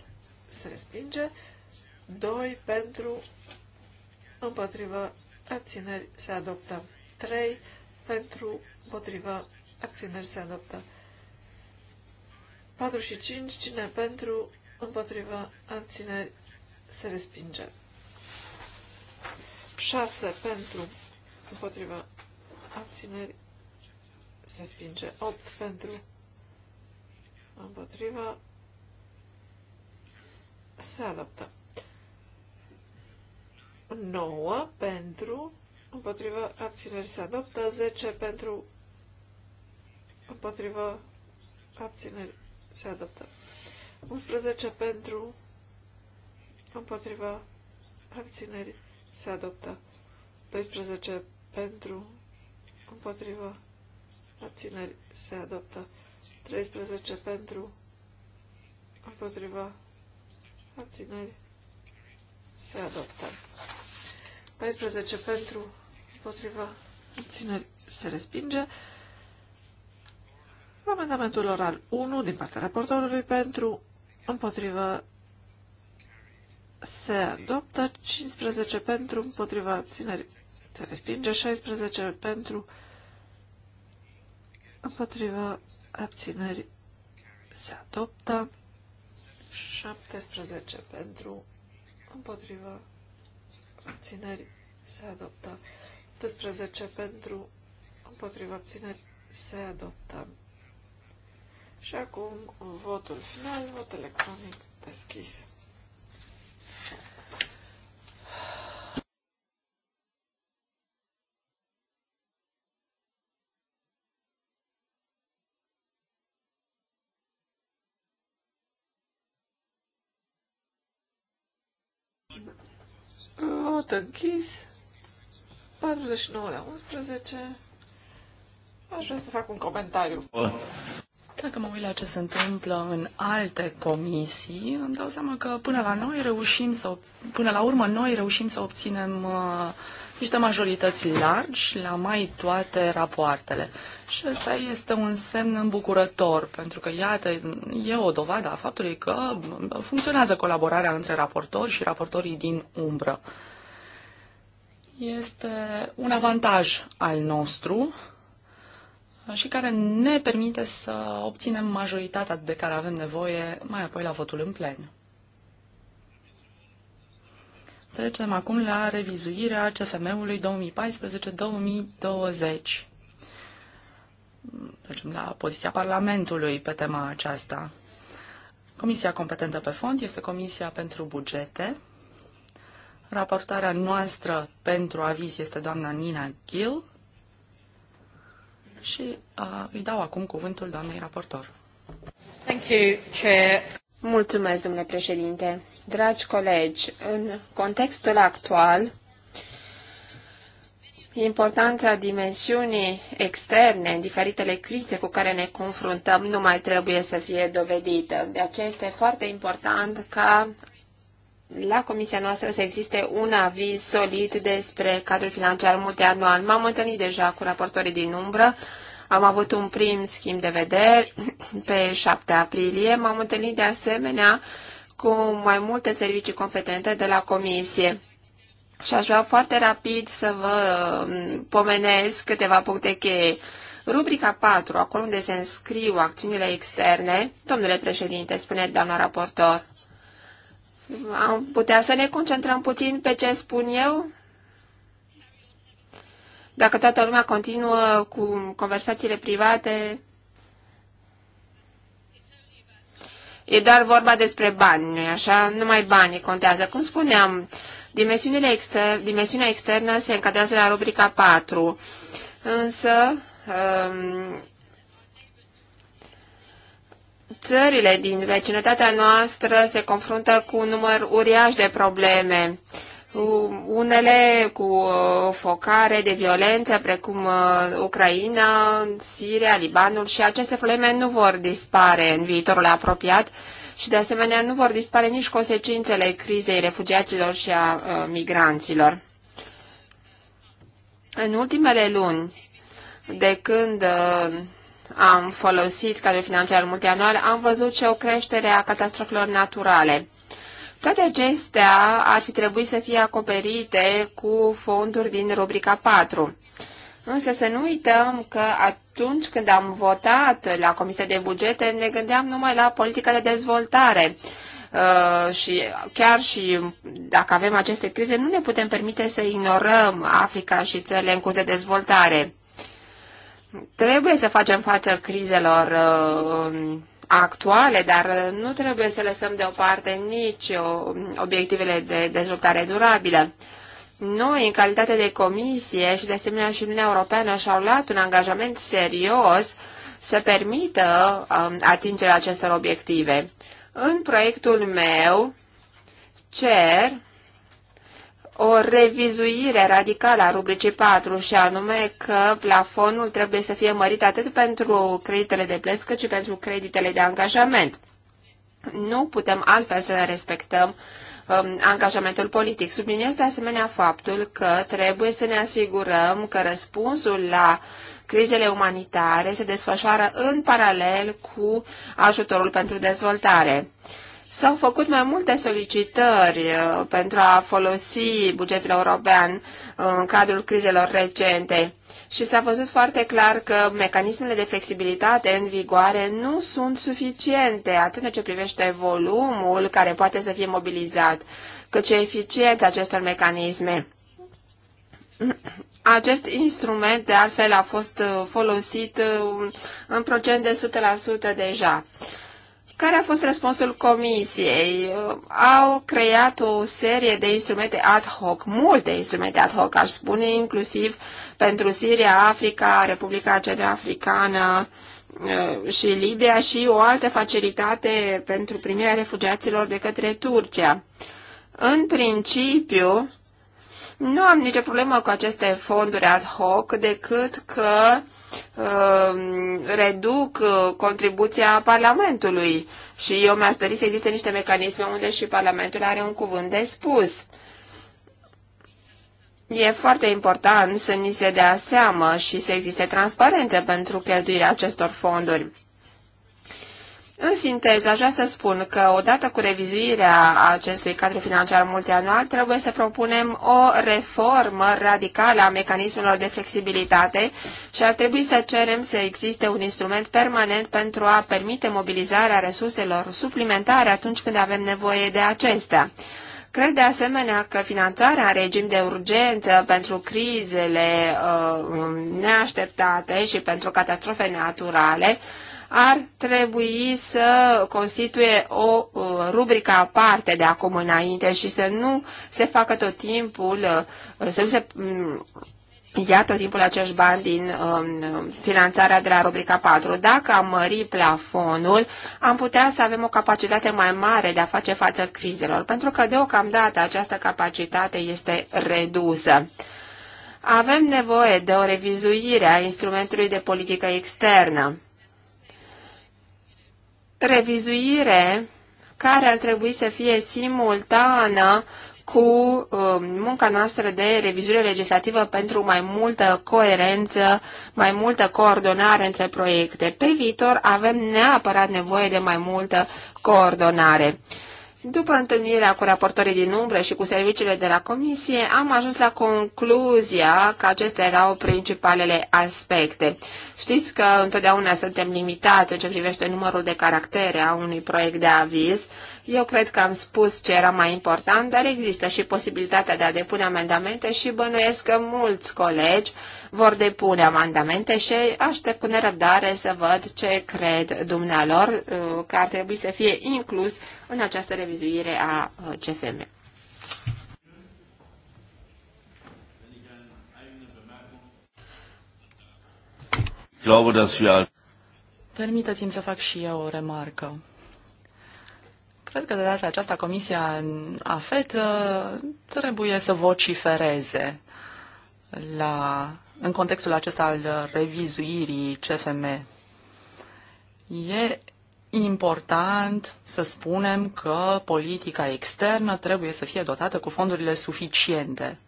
se respinge, 2 pentru, împotriva abțineri se adoptă, 3 pentru, împotriva abțineri se adoptă, 45 cine pentru, împotriva abțineri se respinge. 6 pentru, împotriva abțineri se spinge 8 pentru, împotriva se adaptă. 9 pentru, împotriva abțineri se adoptă. 10 pentru, împotriva abțineri se adoptă. 11 pentru, împotriva abținerii se adoptă. 12 pentru, împotrivă, abțineri, se adoptă. 13 pentru, împotrivă, abțineri, se adoptă. 14 pentru, împotrivă, abțineri, se respinge. Amendamentul oral 1 din partea raportorului pentru, împotrivă, se adoptă, 15 pentru, împotriva abținerii se respinge, 16 pentru, împotriva abținerii se adoptă, 17 pentru, împotriva abținerii se adoptă, 18 pentru, împotriva abținerii se adoptă. Și acum votul final, vot electronic deschis. Vot închis. 49 la 11. Aș vrea să fac un comentariu. Dacă mă uit la ce se întâmplă în alte comisii, îmi dau seama că până la noi reușim să, până la urmă noi reușim să obținem uh, niște majorități largi la mai toate rapoartele. Și ăsta este un semn îmbucurător, pentru că, iată, e o dovadă a faptului că funcționează colaborarea între raportori și raportorii din umbră. Este un avantaj al nostru și care ne permite să obținem majoritatea de care avem nevoie mai apoi la votul în plen. Trecem acum la revizuirea CFM-ului 2014-2020. Trecem la poziția Parlamentului pe tema aceasta. Comisia competentă pe fond este Comisia pentru Bugete. Raportarea noastră pentru aviz este doamna Nina Gill și uh, îi dau acum cuvântul doamnei raportor. Thank you, Chair. Mulțumesc, domnule președinte. Dragi colegi, în contextul actual, importanța dimensiunii externe în diferitele crize cu care ne confruntăm nu mai trebuie să fie dovedită. De aceea este foarte important ca la comisia noastră să existe un aviz solid despre cadrul financiar multianual. M-am întâlnit deja cu raportorii din umbră, am avut un prim schimb de vedere pe 7 aprilie, m-am întâlnit de asemenea cu mai multe servicii competente de la Comisie. Și aș vrea foarte rapid să vă um, pomenesc câteva puncte cheie. Rubrica 4, acolo unde se înscriu acțiunile externe, domnule președinte, spune doamna raportor, am putea să ne concentrăm puțin pe ce spun eu? Dacă toată lumea continuă cu conversațiile private, E doar vorba despre bani, nu așa? Numai banii contează. Cum spuneam, dimensiunile exter dimensiunea externă se încadrează la rubrica 4, însă um, țările din vecinătatea noastră se confruntă cu un număr uriaș de probleme. Uh, unele cu uh, focare de violență, precum uh, Ucraina, Siria, Libanul și aceste probleme nu vor dispare în viitorul apropiat și de asemenea nu vor dispare nici consecințele crizei refugiaților și a uh, migranților. În ultimele luni, de când am folosit cadrul financiar multianual, am văzut și o creștere a catastrofelor naturale. Toate acestea ar fi trebuit să fie acoperite cu fonduri din rubrica 4. Însă să nu uităm că atunci când am votat la Comisia de Bugete ne gândeam numai la politica de dezvoltare. Uh, și chiar și dacă avem aceste crize, nu ne putem permite să ignorăm Africa și țările în curs de dezvoltare. Trebuie să facem față crizelor uh, actuale, dar nu trebuie să lăsăm deoparte nici obiectivele de dezvoltare durabilă. Noi, în calitate de comisie și de asemenea și Uniunea Europeană, și-au luat un angajament serios să permită um, atingerea acestor obiective. În proiectul meu cer o revizuire radicală a rubricii 4 și anume că plafonul trebuie să fie mărit atât pentru creditele de plăți cât și pentru creditele de angajament. Nu putem altfel să ne respectăm um, angajamentul politic. Subliniez de asemenea faptul că trebuie să ne asigurăm că răspunsul la crizele umanitare se desfășoară în paralel cu ajutorul pentru dezvoltare. S-au făcut mai multe solicitări uh, pentru a folosi bugetul european uh, în cadrul crizelor recente și s-a văzut foarte clar că mecanismele de flexibilitate în vigoare nu sunt suficiente atât în ce privește volumul care poate să fie mobilizat, cât și eficiența acestor mecanisme. [CLEARS THROAT] Acest instrument, de altfel, a fost uh, folosit în procent de 100% deja. Care a fost răspunsul comisiei? Au creat o serie de instrumente ad hoc, multe instrumente ad hoc, aș spune, inclusiv pentru Siria, Africa, Republica Centrafricană eh, și Libia și o altă facilitate pentru primirea refugiaților de către Turcia. În principiu, nu am nicio problemă cu aceste fonduri ad hoc, decât că Uh, reduc uh, contribuția Parlamentului și eu mi-aș dori să existe niște mecanisme unde și Parlamentul are un cuvânt de spus. E foarte important să ni se dea seamă și să existe transparență pentru cheltuirea acestor fonduri. În sinteză, aș vrea să spun că odată cu revizuirea acestui cadru financiar multianual, trebuie să propunem o reformă radicală a mecanismelor de flexibilitate și ar trebui să cerem să existe un instrument permanent pentru a permite mobilizarea resurselor suplimentare atunci când avem nevoie de acestea. Cred de asemenea că finanțarea în regim de urgență pentru crizele uh, neașteptate și pentru catastrofe naturale ar trebui să constituie o uh, rubrică aparte de acum înainte și să nu se facă tot timpul, uh, să nu se mm, ia tot timpul acești bani din um, finanțarea de la rubrica 4. Dacă am mări plafonul, am putea să avem o capacitate mai mare de a face față crizelor, pentru că deocamdată această capacitate este redusă. Avem nevoie de o revizuire a instrumentului de politică externă revizuire care ar trebui să fie simultană cu um, munca noastră de revizuire legislativă pentru mai multă coerență, mai multă coordonare între proiecte. Pe viitor avem neapărat nevoie de mai multă coordonare. După întâlnirea cu raportorii din umbră și cu serviciile de la comisie, am ajuns la concluzia că acestea erau principalele aspecte. Știți că întotdeauna suntem limitați în ce privește numărul de caractere a unui proiect de aviz. Eu cred că am spus ce era mai important, dar există și posibilitatea de a depune amendamente și bănuiesc că mulți colegi vor depune amendamente și aștept cu nerăbdare să văd ce cred dumnealor uh, că ar trebui să fie inclus în această revizuire a uh, CFM. Permiteți-mi să fac și eu o remarcă. Cred că de data aceasta Comisia AFET uh, trebuie să vocifereze la, în contextul acesta al revizuirii CFM. E important să spunem că politica externă trebuie să fie dotată cu fondurile suficiente.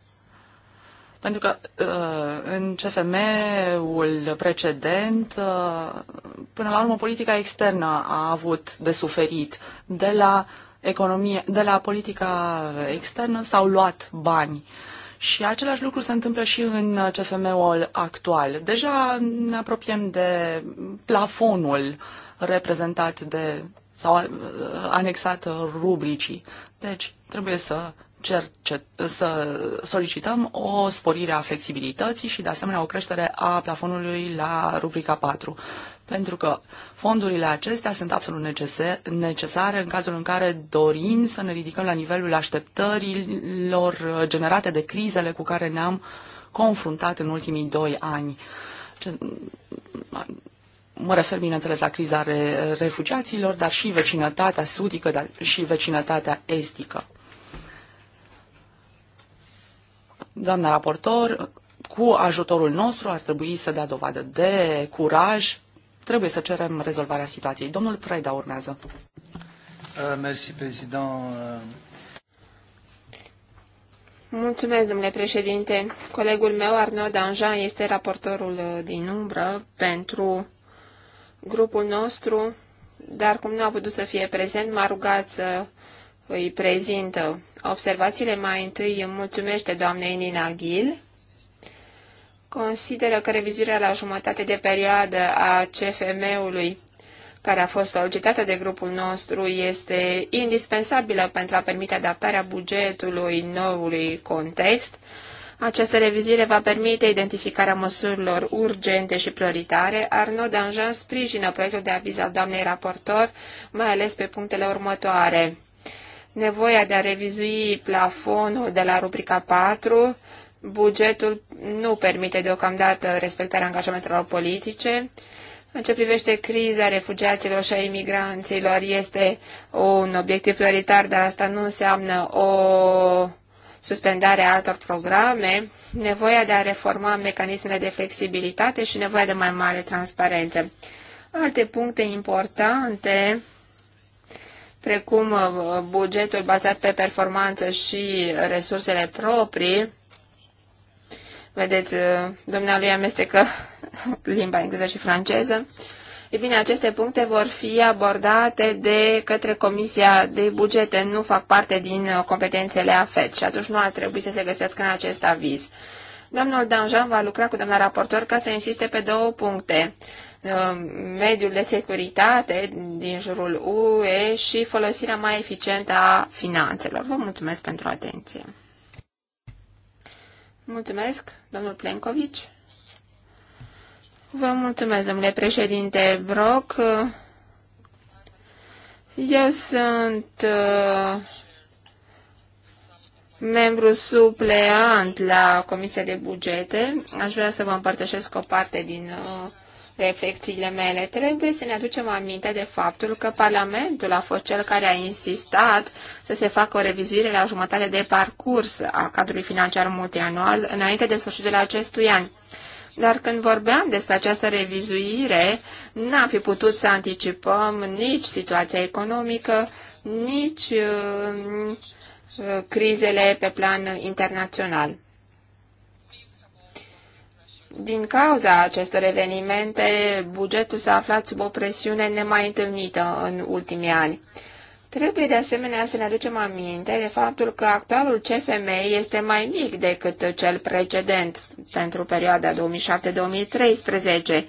Pentru că uh, în CFM-ul precedent, uh, până la urmă, politica externă a avut de suferit. De la, economie, de la politica externă s-au luat bani. Și același lucru se întâmplă și în CFM-ul actual. Deja ne apropiem de plafonul reprezentat de sau uh, anexat rubricii. Deci trebuie să cercet, să solicităm o sporire a flexibilității și, de asemenea, o creștere a plafonului la rubrica 4. Pentru că fondurile acestea sunt absolut necesare în cazul în care dorim să ne ridicăm la nivelul așteptărilor generate de crizele cu care ne-am confruntat în ultimii doi ani. Mă refer, bineînțeles, la criza refugiaților, dar și vecinătatea sudică dar și vecinătatea estică. doamna raportor, cu ajutorul nostru ar trebui să dea dovadă de curaj. Trebuie să cerem rezolvarea situației. Domnul Preda urmează. Uh, mersi, prezident. Uh. Mulțumesc, domnule președinte. Colegul meu, Arnaud Danjean, este raportorul uh, din umbră pentru grupul nostru, dar cum nu a putut să fie prezent, m-a rugat să îi prezint observațiile, mai întâi îmi mulțumește doamnei Nina Ghil. Consideră că revizuirea la jumătate de perioadă a CFM-ului care a fost solicitată de grupul nostru este indispensabilă pentru a permite adaptarea bugetului noului context. Această revizuire va permite identificarea măsurilor urgente și prioritare. Arnaud Danjean sprijină proiectul de aviz al doamnei raportor, mai ales pe punctele următoare nevoia de a revizui plafonul de la rubrica 4, bugetul nu permite deocamdată respectarea angajamentelor politice. În ce privește criza refugiaților și a imigranților, este un obiectiv prioritar, dar asta nu înseamnă o suspendare a altor programe, nevoia de a reforma mecanismele de flexibilitate și nevoia de mai mare transparență. Alte puncte importante precum uh, bugetul bazat pe performanță și resursele proprii. Vedeți, uh, dumnealui amestecă [LAUGHS] limba engleză și franceză. E bine, aceste puncte vor fi abordate de către Comisia de Bugete, nu fac parte din uh, competențele AFET și atunci nu ar trebui să se găsească în acest aviz. Domnul Danjean va lucra cu domnul raportor ca să insiste pe două puncte. Um, mediul de securitate din jurul UE și folosirea mai eficientă a finanțelor. Vă mulțumesc pentru atenție. Mulțumesc, domnul Plencovici. Vă mulțumesc, domnule președinte Broc. Eu sunt uh, membru supleant la Comisia de Bugete. Aș vrea să vă împărtășesc o parte din uh, reflexiile mele. Trebuie să ne aducem aminte de faptul că Parlamentul a fost cel care a insistat să se facă o revizuire la jumătate de parcurs a cadrului financiar multianual înainte de sfârșitul acestui an. Dar când vorbeam despre această revizuire, n-am fi putut să anticipăm nici situația economică, nici uh, uh crizele pe plan internațional. Din cauza acestor evenimente, bugetul s-a aflat sub o presiune nemai întâlnită în ultimii ani. Trebuie de asemenea să ne aducem aminte de faptul că actualul CFM este mai mic decât cel precedent pentru perioada 2007-2013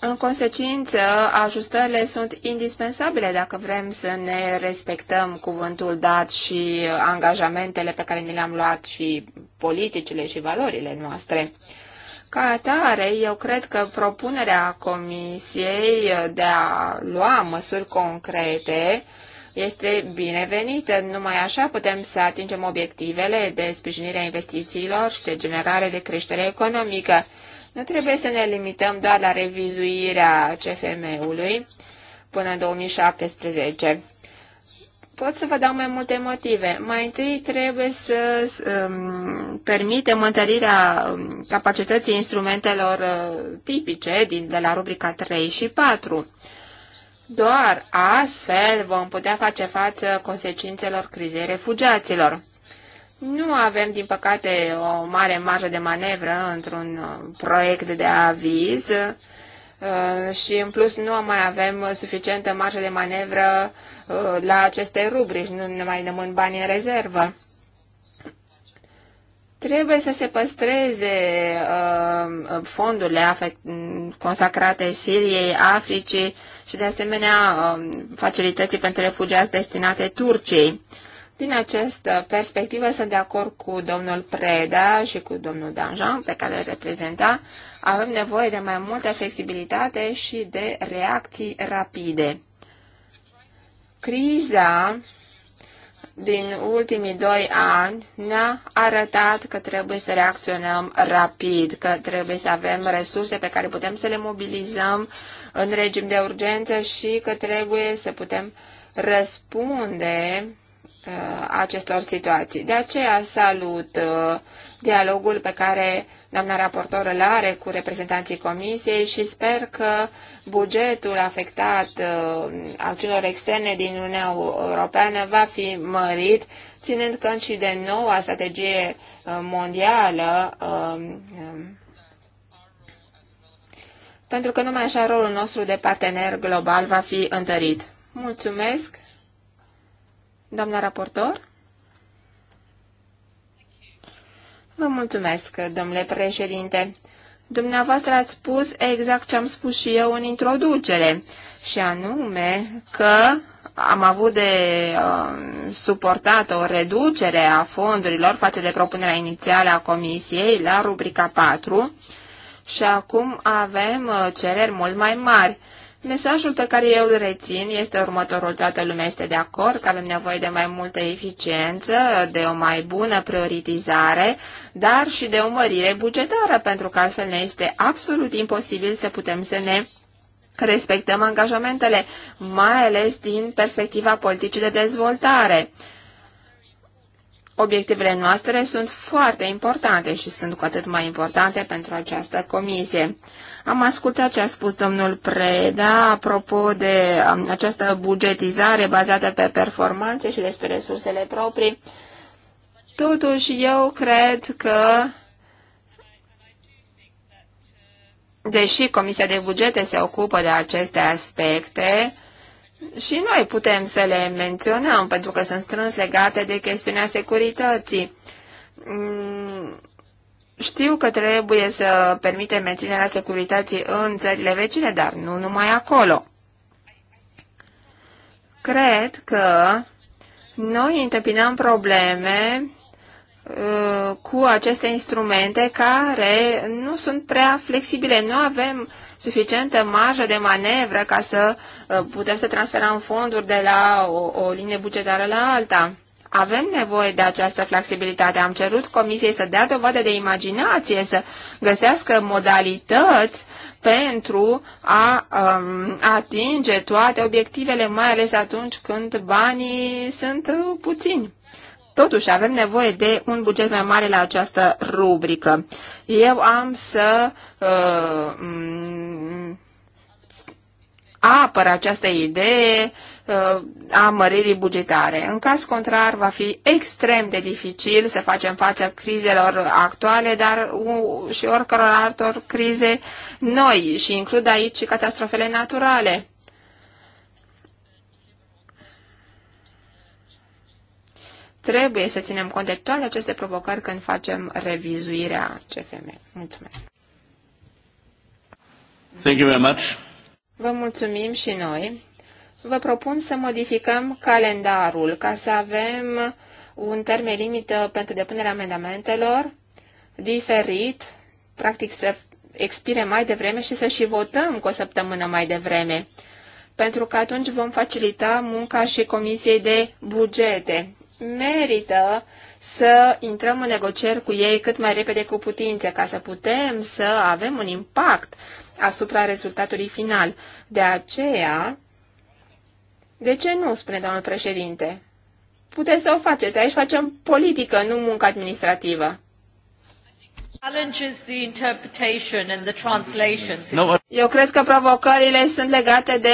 în consecință, ajustările sunt indispensabile dacă vrem să ne respectăm cuvântul dat și angajamentele pe care ni le-am luat și politicile și valorile noastre. Ca atare, eu cred că propunerea Comisiei de a lua măsuri concrete este binevenită. Numai așa putem să atingem obiectivele de sprijinire a investițiilor și de generare de creștere economică nu trebuie să ne limităm doar la revizuirea CFM-ului până în 2017. Pot să vă dau mai multe motive. Mai întâi trebuie să um, permitem întărirea um, capacității instrumentelor uh, tipice din, de la rubrica 3 și 4. Doar astfel vom putea face față consecințelor crizei refugiaților. Nu avem, din păcate, o mare marjă de manevră într-un uh, proiect de aviz uh, și, în plus, nu mai avem suficientă marjă de manevră uh, la aceste rubrici, nu ne mai rămân bani în rezervă. Trebuie să se păstreze uh, fondurile afect, consacrate Siriei, Africii și, de asemenea, uh, facilității pentru refugiați destinate Turciei. Uh, din această perspectivă sunt de acord cu domnul Preda și cu domnul Danjean, pe care îl reprezenta. Avem nevoie de mai multă flexibilitate și de reacții rapide. Criza din ultimii doi ani ne-a arătat că trebuie să reacționăm rapid, că trebuie să avem resurse pe care putem să le mobilizăm în regim de urgență și că trebuie să putem răspunde Uh, acestor situații. De aceea salut uh, dialogul pe care doamna raportor îl are cu reprezentanții comisiei și sper că bugetul afectat uh, acțiunilor externe din Uniunea Europeană va fi mărit, ținând cont și de noua strategie mondială um, um, pentru că numai așa rolul nostru de partener global va fi întărit. Mulțumesc! Doamna raportor? Vă mulțumesc, domnule președinte. Dumneavoastră ați spus exact ce am spus și eu în introducere, și anume că am avut de uh, suportat o reducere a fondurilor față de propunerea inițială a Comisiei la rubrica 4 și acum avem uh, cereri mult mai mari. Uh, Mesajul pe care eu îl rețin este următorul. Toată lumea este de acord că avem nevoie de mai multă eficiență, de o mai bună prioritizare, dar și de o mărire bugetară, pentru că altfel ne este absolut imposibil să putem să ne respectăm angajamentele, mai ales din perspectiva politicii de dezvoltare. Obiectivele noastre sunt foarte importante și sunt cu atât mai importante pentru această comisie. Am ascultat ce a spus domnul Preda apropo de um, această bugetizare bazată pe performanțe și despre resursele proprii. Totuși, eu cred că, deși Comisia de Bugete se ocupă de aceste aspecte, și noi putem să le menționăm, pentru că sunt strâns legate de chestiunea securității mm, știu că trebuie să permitem menținerea securității în țările vecine, dar nu numai acolo. Cred că noi întâmpinăm probleme uh, cu aceste instrumente care nu sunt prea flexibile. Nu avem suficientă marjă de manevră ca să uh, putem să transferăm fonduri de la o, o linie bugetară la alta. Avem nevoie de această flexibilitate. Am cerut comisiei să dea dovadă de imaginație, să găsească modalități pentru a um, atinge toate obiectivele, mai ales atunci când banii sunt puțini. Totuși, avem nevoie de un buget mai mare la această rubrică. Eu am să uh, apăr această idee Uh, a măririi bugetare. În caz contrar, va fi extrem de dificil să facem față crizelor actuale, dar și oricăror altor crize noi și includ aici și catastrofele naturale. Trebuie să ținem cont de toate aceste provocări când facem revizuirea CFM. Mulțumesc! Thank you very much. Vă mulțumim și noi vă propun să modificăm calendarul ca să avem un termen limită uh, pentru depunerea amendamentelor diferit, practic să expire mai devreme și să și votăm cu o săptămână mai devreme, pentru că atunci vom facilita munca și Comisiei de Bugete. Merită să intrăm în negocieri cu ei cât mai repede cu putință, ca să putem să avem un impact asupra rezultatului final. De aceea, de ce nu, spune domnul președinte? Puteți să o faceți, aici facem politică, nu muncă administrativă. Eu cred că provocările sunt legate de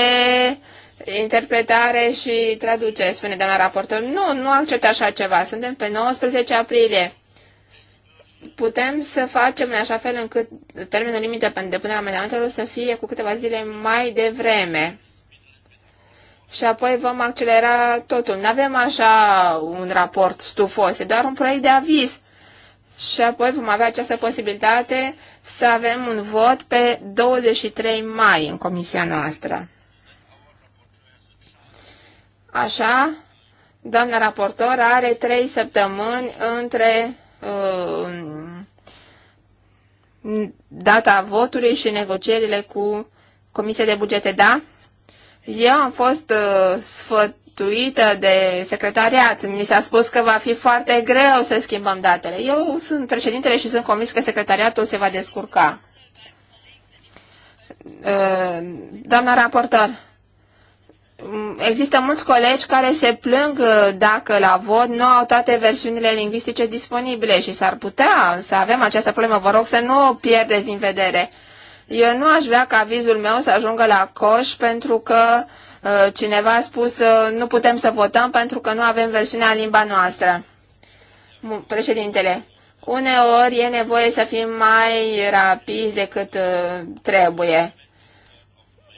interpretare și traducere, spune doamna raportor. Nu, nu accept așa ceva. Suntem pe 19 aprilie. Putem să facem în așa fel încât termenul limită pentru depunerea amendamentelor să fie cu câteva zile mai devreme și apoi vom accelera totul. Nu avem așa un raport stufos, e doar un proiect de aviz. Și apoi vom avea această posibilitate să avem un vot pe 23 mai în comisia noastră. Așa, doamna raportor are trei săptămâni între uh, data votului și negocierile cu Comisia de Bugete, da? Eu am fost uh, sfătuită de secretariat. Mi s-a spus că va fi foarte greu să schimbăm datele. Eu sunt președintele și sunt convins că secretariatul se va descurca. Uh, doamna raportor, există mulți colegi care se plâng uh, dacă la vot nu au toate versiunile lingvistice disponibile și s-ar putea să avem această problemă. Vă rog să nu o pierdeți din vedere. Eu nu aș vrea ca avizul meu să ajungă la coș pentru că uh, cineva a spus uh, nu putem să votăm pentru că nu avem versiunea în limba noastră. Președintele, uneori e nevoie să fim mai rapizi decât uh, trebuie.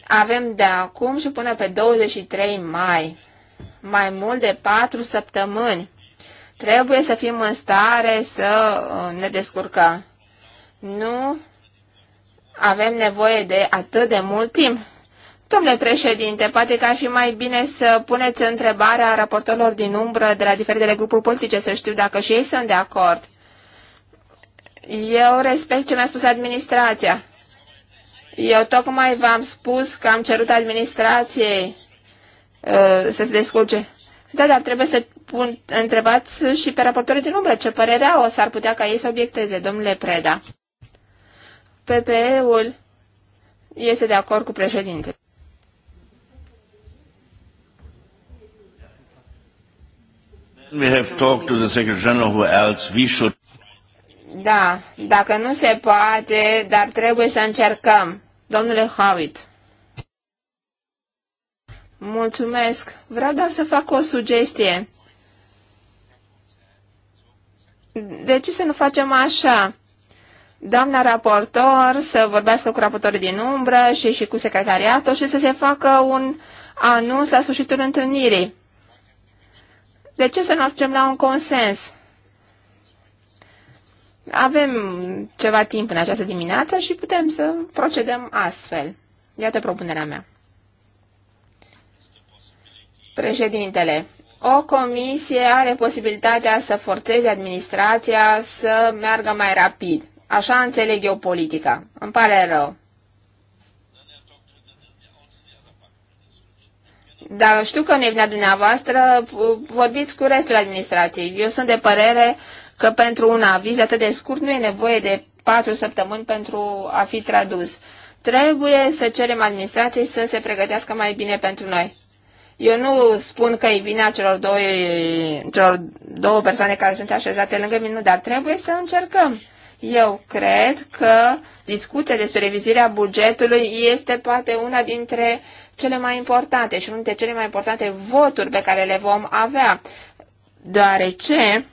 Avem de acum și până pe 23 mai mai mult de patru săptămâni. Trebuie să fim în stare să uh, ne descurcăm. Nu avem nevoie de atât de mult timp? Domnule președinte, poate că ar fi mai bine să puneți întrebarea raportorilor din umbră de la diferitele grupuri politice, să știu dacă și ei sunt de acord. Eu respect ce mi-a spus administrația. Eu tocmai v-am spus că am cerut administrației uh, să se descurce. Da, dar trebuie să pun, întrebați și pe raportorii din umbră ce părere au, s-ar putea ca ei să obiecteze, domnule Preda. PPE-ul este de acord cu președintele. We have talked to the Secretary General who else we should da, dacă nu se poate, dar trebuie să încercăm. Domnule Howitt. Mulțumesc. Vreau doar să fac o sugestie. De ce să nu facem așa? doamna raportor să vorbească cu raportorii din umbră și, și cu secretariatul și să se facă un anunț la sfârșitul întâlnirii. De ce să nu ajungem la un consens? Avem ceva timp în această dimineață și putem să procedăm astfel. Iată propunerea mea. Președintele, o comisie are posibilitatea să forțeze administrația să meargă mai rapid. Așa înțeleg eu politica. Îmi pare rău. Dar știu că nu e dumneavoastră, vorbiți cu restul administrației. Eu sunt de părere că pentru un aviz atât de scurt nu e nevoie de patru săptămâni pentru a fi tradus. Trebuie să cerem administrației să se pregătească mai bine pentru noi. Eu nu spun că e vina celor, doi, celor două persoane care sunt așezate lângă mine, dar trebuie să încercăm. Eu cred că discuția despre revizuirea bugetului este poate una dintre cele mai importante și unul dintre cele mai importante voturi pe care le vom avea, deoarece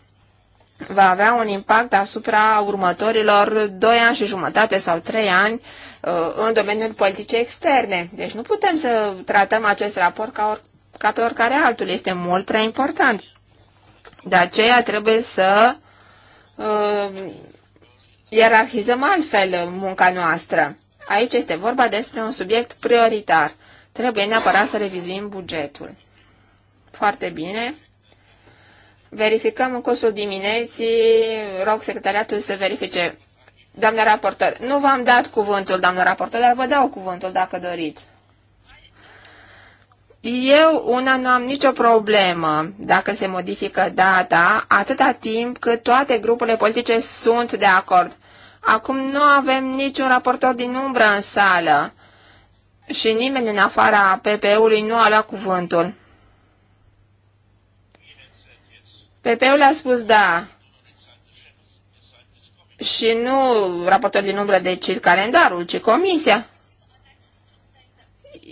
va avea un impact asupra următorilor doi ani și jumătate sau trei ani uh, în domeniul politicii externe. Deci nu putem să tratăm acest raport ca, or- ca pe oricare altul. Este mult prea important. De aceea trebuie să uh, ierarhizăm altfel munca noastră. Aici este vorba despre un subiect prioritar. Trebuie neapărat să revizuim bugetul. Foarte bine. Verificăm în cursul dimineții. Rog secretariatul să verifice. Doamna raportor, nu v-am dat cuvântul, doamnă raportor, dar vă dau cuvântul dacă doriți. Eu una nu am nicio problemă dacă se modifică data, atâta timp cât toate grupurile politice sunt de acord. Acum nu avem niciun raportor din umbră în sală și nimeni în afara PP-ului nu a luat cuvântul. PP-ul a spus da și nu raportor din umbră, deci calendarul, ci comisia.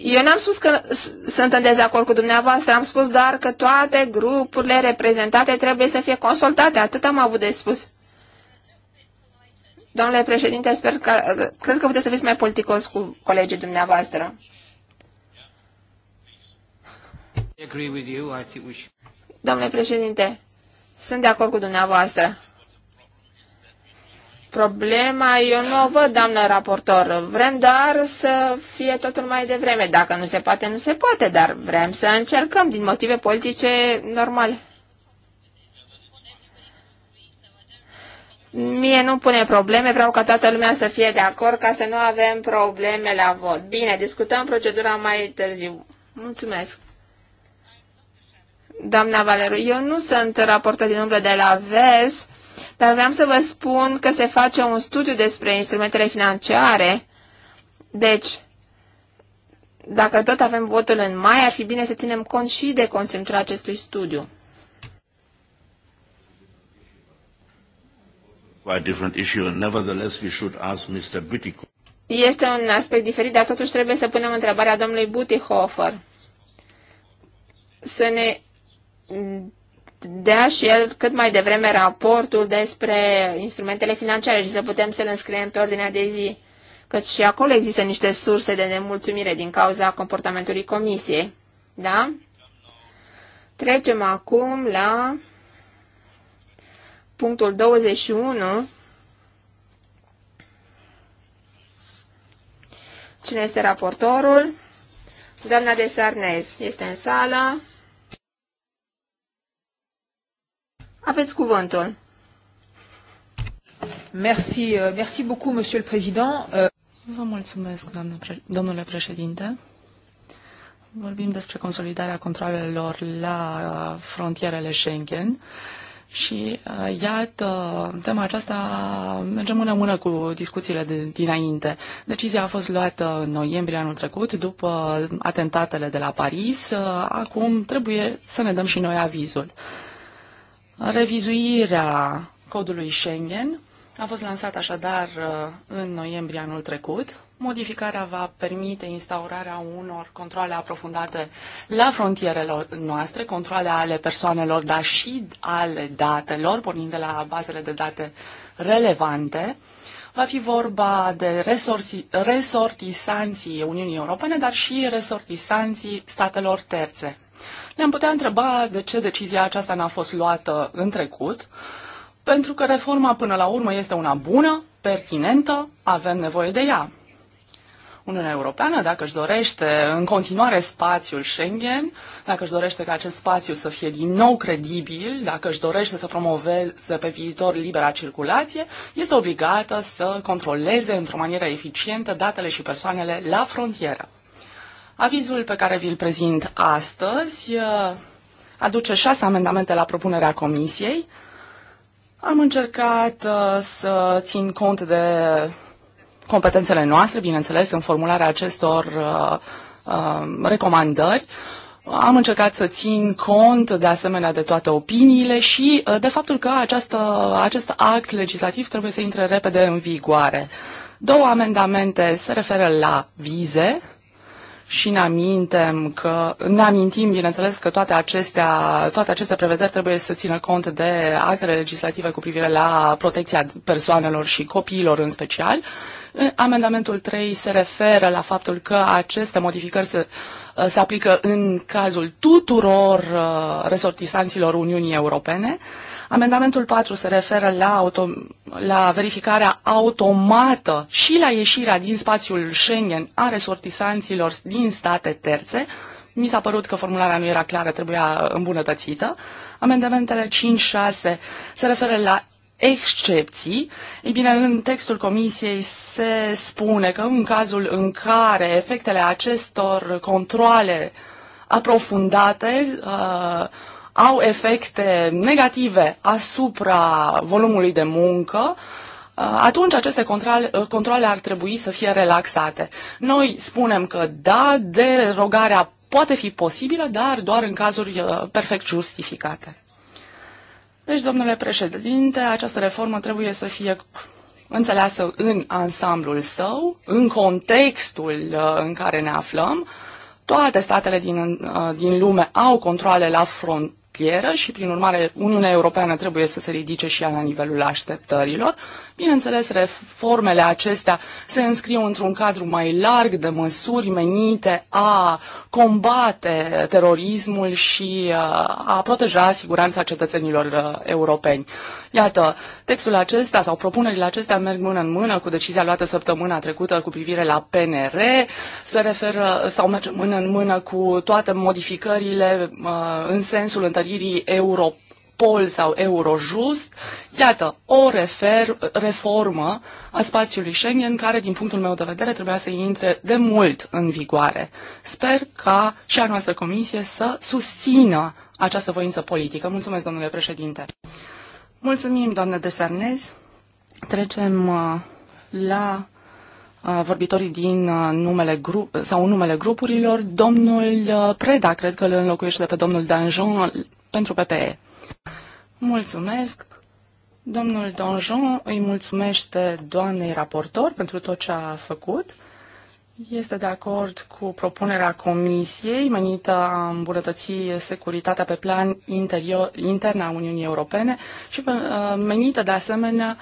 Eu n-am spus că sunt în dezacord cu dumneavoastră, am spus doar că toate grupurile reprezentate trebuie să fie consultate, atât am avut de spus. Domnule președinte, sper că, cred că puteți să fiți mai politicos cu colegii dumneavoastră. Domnule președinte, sunt de acord cu dumneavoastră. Problema eu nu o văd, doamnă raportor. Vrem doar să fie totul mai devreme. Dacă nu se poate, nu se poate, dar vrem să încercăm din motive politice normale. Mie nu pune probleme, vreau ca toată lumea să fie de acord ca să nu avem probleme la vot. Bine, discutăm procedura mai târziu. Mulțumesc. Doamna Valeru, eu nu sunt raportă din umbră de la VES, dar vreau să vă spun că se face un studiu despre instrumentele financiare. Deci, dacă tot avem votul în mai, ar fi bine să ținem cont și de conținutul acestui studiu. Este un aspect diferit, dar totuși trebuie să punem întrebarea domnului Butihofer. Să ne dea și el cât mai devreme raportul despre instrumentele financiare și să putem să le înscriem pe ordinea de zi, căci și acolo există niște surse de nemulțumire din cauza comportamentului comisiei. Da? Trecem acum la punctul 21, cine este raportorul? Doamna de Sarnez este în sală. Aveți cuvântul. Merci, euh, merci beaucoup, monsieur le président. Euh, Vă mulțumesc, doamne, domnule președinte. Vorbim despre consolidarea controlelor la uh, frontierele Schengen. Uh, și uh, iată, tema aceasta merge mână-mână cu discuțiile de dinainte. Decizia a fost luată în noiembrie anul trecut, după atentatele de la Paris. Uh, acum trebuie să ne dăm și noi avizul. Revizuirea codului Schengen a fost lansată așadar uh, în noiembrie anul trecut Modificarea va permite instaurarea unor controle aprofundate la frontierele noastre, controle ale persoanelor, dar și ale datelor, pornind de la bazele de date relevante. Va fi vorba de resorsi, resortisanții Uniunii Europene, dar și resortisanții statelor terțe. Ne-am putea întreba de ce decizia aceasta n-a fost luată în trecut, pentru că reforma până la urmă este una bună, pertinentă, avem nevoie de ea. Uniunea Europeană, dacă își dorește în continuare spațiul Schengen, dacă își dorește ca acest spațiu să fie din nou credibil, dacă își dorește să promoveze pe viitor libera circulație, este obligată să controleze într-o manieră eficientă datele și persoanele la frontieră. Avizul pe care vi-l prezint astăzi uh, aduce șase amendamente la propunerea Comisiei. Am încercat uh, să țin cont de competențele noastre, bineînțeles, în formularea acestor uh, uh, recomandări. Am încercat să țin cont de asemenea de toate opiniile și uh, de faptul că această, acest act legislativ trebuie să intre repede în vigoare. Două amendamente se referă la vize, și ne amintim că, ne amintim, bineînțeles, că toate acestea, toate aceste prevederi trebuie să țină cont de actele legislative cu privire la protecția persoanelor și copiilor în special. Amendamentul 3 se referă la faptul că aceste modificări se, se aplică în cazul tuturor uh, resortisanților Uniunii Europene. Uh, Amendamentul 4 se referă la, auto, la verificarea automată și la ieșirea din spațiul Schengen a resortisanților din state terțe. Mi s-a părut că formularea nu era clară, trebuia îmbunătățită. Amendamentele 5-6 se referă la excepții. Ei bine, în textul comisiei se spune că în cazul în care efectele acestor controle aprofundate uh, au efecte negative asupra volumului de muncă, uh, atunci aceste uh, controle ar trebui să fie relaxate. Noi spunem că da, derogarea poate fi posibilă, dar doar în cazuri uh, perfect justificate. Deci, domnule președinte, această reformă trebuie să fie înțeleasă în ansamblul său, în contextul în care ne aflăm. Toate statele din, din lume au controle la front, rutieră și, prin urmare, Uniunea Europeană trebuie să se ridice și ea la nivelul așteptărilor Bineînțeles, reformele acestea se înscriu într-un cadru mai larg de măsuri menite a combate terorismul și uh, a proteja siguranța cetățenilor uh, europeni. Iată, textul acesta sau propunerile acestea merg mână în mână cu decizia luată săptămâna trecută cu privire la PNR, se referă sau merge mână în mână cu toate modificările uh, în sensul întăririi Europei Europol sau Eurojust, iată, o refer, reformă a spațiului Schengen care, din punctul meu de vedere, trebuia să intre de mult în vigoare. Sper ca și a noastră comisie să susțină această voință politică. Mulțumesc, domnule președinte. Mulțumim, doamnă de Sarnez. Trecem uh, la uh, vorbitorii din uh, numele grup, sau numele grupurilor. Domnul Preda, cred că îl înlocuiește pe domnul Danjon pentru PPE. Mulțumesc. Domnul Donjon îi mulțumește doamnei raportor pentru tot ce a făcut. Este de acord cu propunerea Comisiei menită a îmbunătăți securitatea pe plan interior, intern a Uniunii Europene și uh, menită de asemenea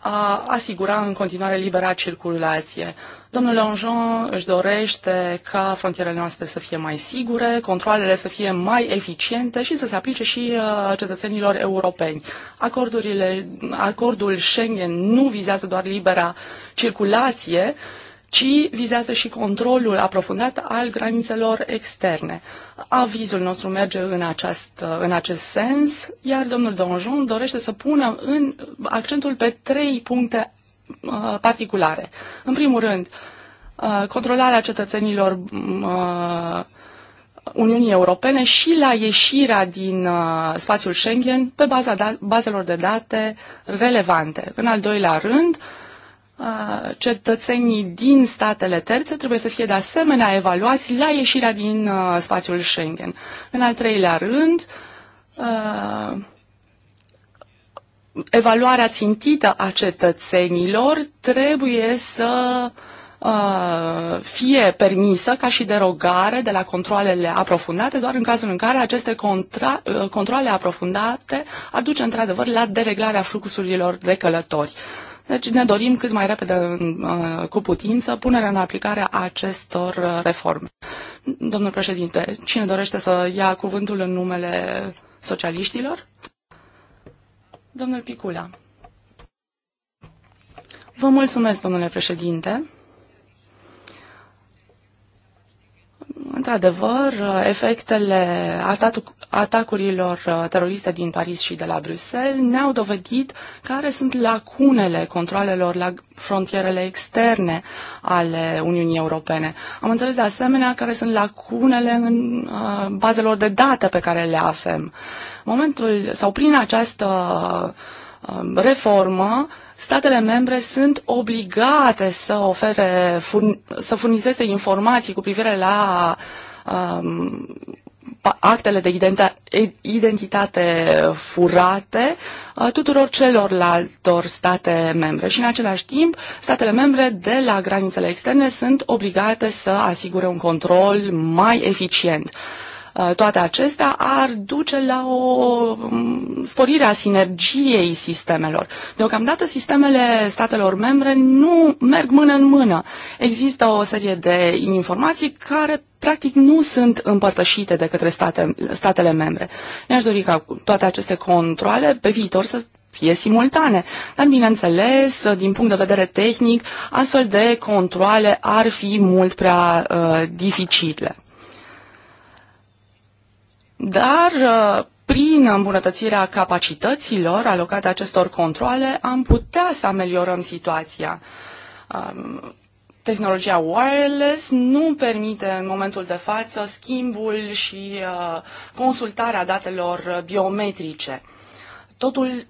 a asigura în continuare libera circulație. Domnul Lonjon își dorește ca frontierele noastre să fie mai sigure, controlele să fie mai eficiente și să se aplice și cetățenilor europeni. Acordurile, acordul Schengen nu vizează doar libera circulație, ci vizează și controlul aprofundat al granițelor externe. Avizul nostru merge în acest, în acest sens, iar domnul Donjon dorește să pună în accentul pe trei puncte uh, particulare. În primul rând, uh, controlarea cetățenilor mm, uh, Uniunii Europene și la ieșirea din spațiul Schengen pe baza da, bazelor de date relevante. În al doilea rând, cetățenii din statele terțe trebuie să fie de asemenea evaluați la ieșirea din uh, spațiul Schengen. În al treilea rând, uh, evaluarea țintită a cetățenilor trebuie să uh, fie permisă ca și derogare de la controlele aprofundate, doar în cazul în care aceste contra, controle aprofundate aduce într-adevăr la dereglarea fluxurilor de călători. Uh, deci ne dorim cât mai repede uh, cu putință punerea în aplicare a acestor uh, reforme. Domnul președinte, cine dorește să ia cuvântul în numele socialiștilor? Domnul Picula. Vă mulțumesc, domnule președinte. Într-adevăr, efectele atacurilor uh, teroriste din Paris și de la Bruxelles ne-au dovedit care sunt lacunele controlelor la frontierele externe ale Uniunii Europene. Am înțeles de asemenea care sunt lacunele în uh, bazelor de date pe care le avem. Momentul sau prin această uh, reformă statele membre sunt obligate să ofere, să furnizeze informații cu privire la um, actele de identitate furate uh, tuturor celorlaltor state membre și în același timp statele membre de la granițele externe sunt obligate să asigure un control mai eficient. Uh, toate acestea ar duce la o um, sporire a sinergiei sistemelor. Deocamdată sistemele statelor membre nu merg mână în mână. Există o serie de informații care practic nu sunt împărtășite de către state, statele membre. Mi-aș dori ca toate aceste controle pe viitor să fie simultane. Dar, bineînțeles, din punct de vedere tehnic, astfel de controle ar fi mult prea uh, dificile. Dar uh, prin îmbunătățirea capacităților alocate acestor controle am putea să ameliorăm situația. Um, tehnologia wireless nu permite în momentul de față schimbul și uh, consultarea datelor biometrice. Totul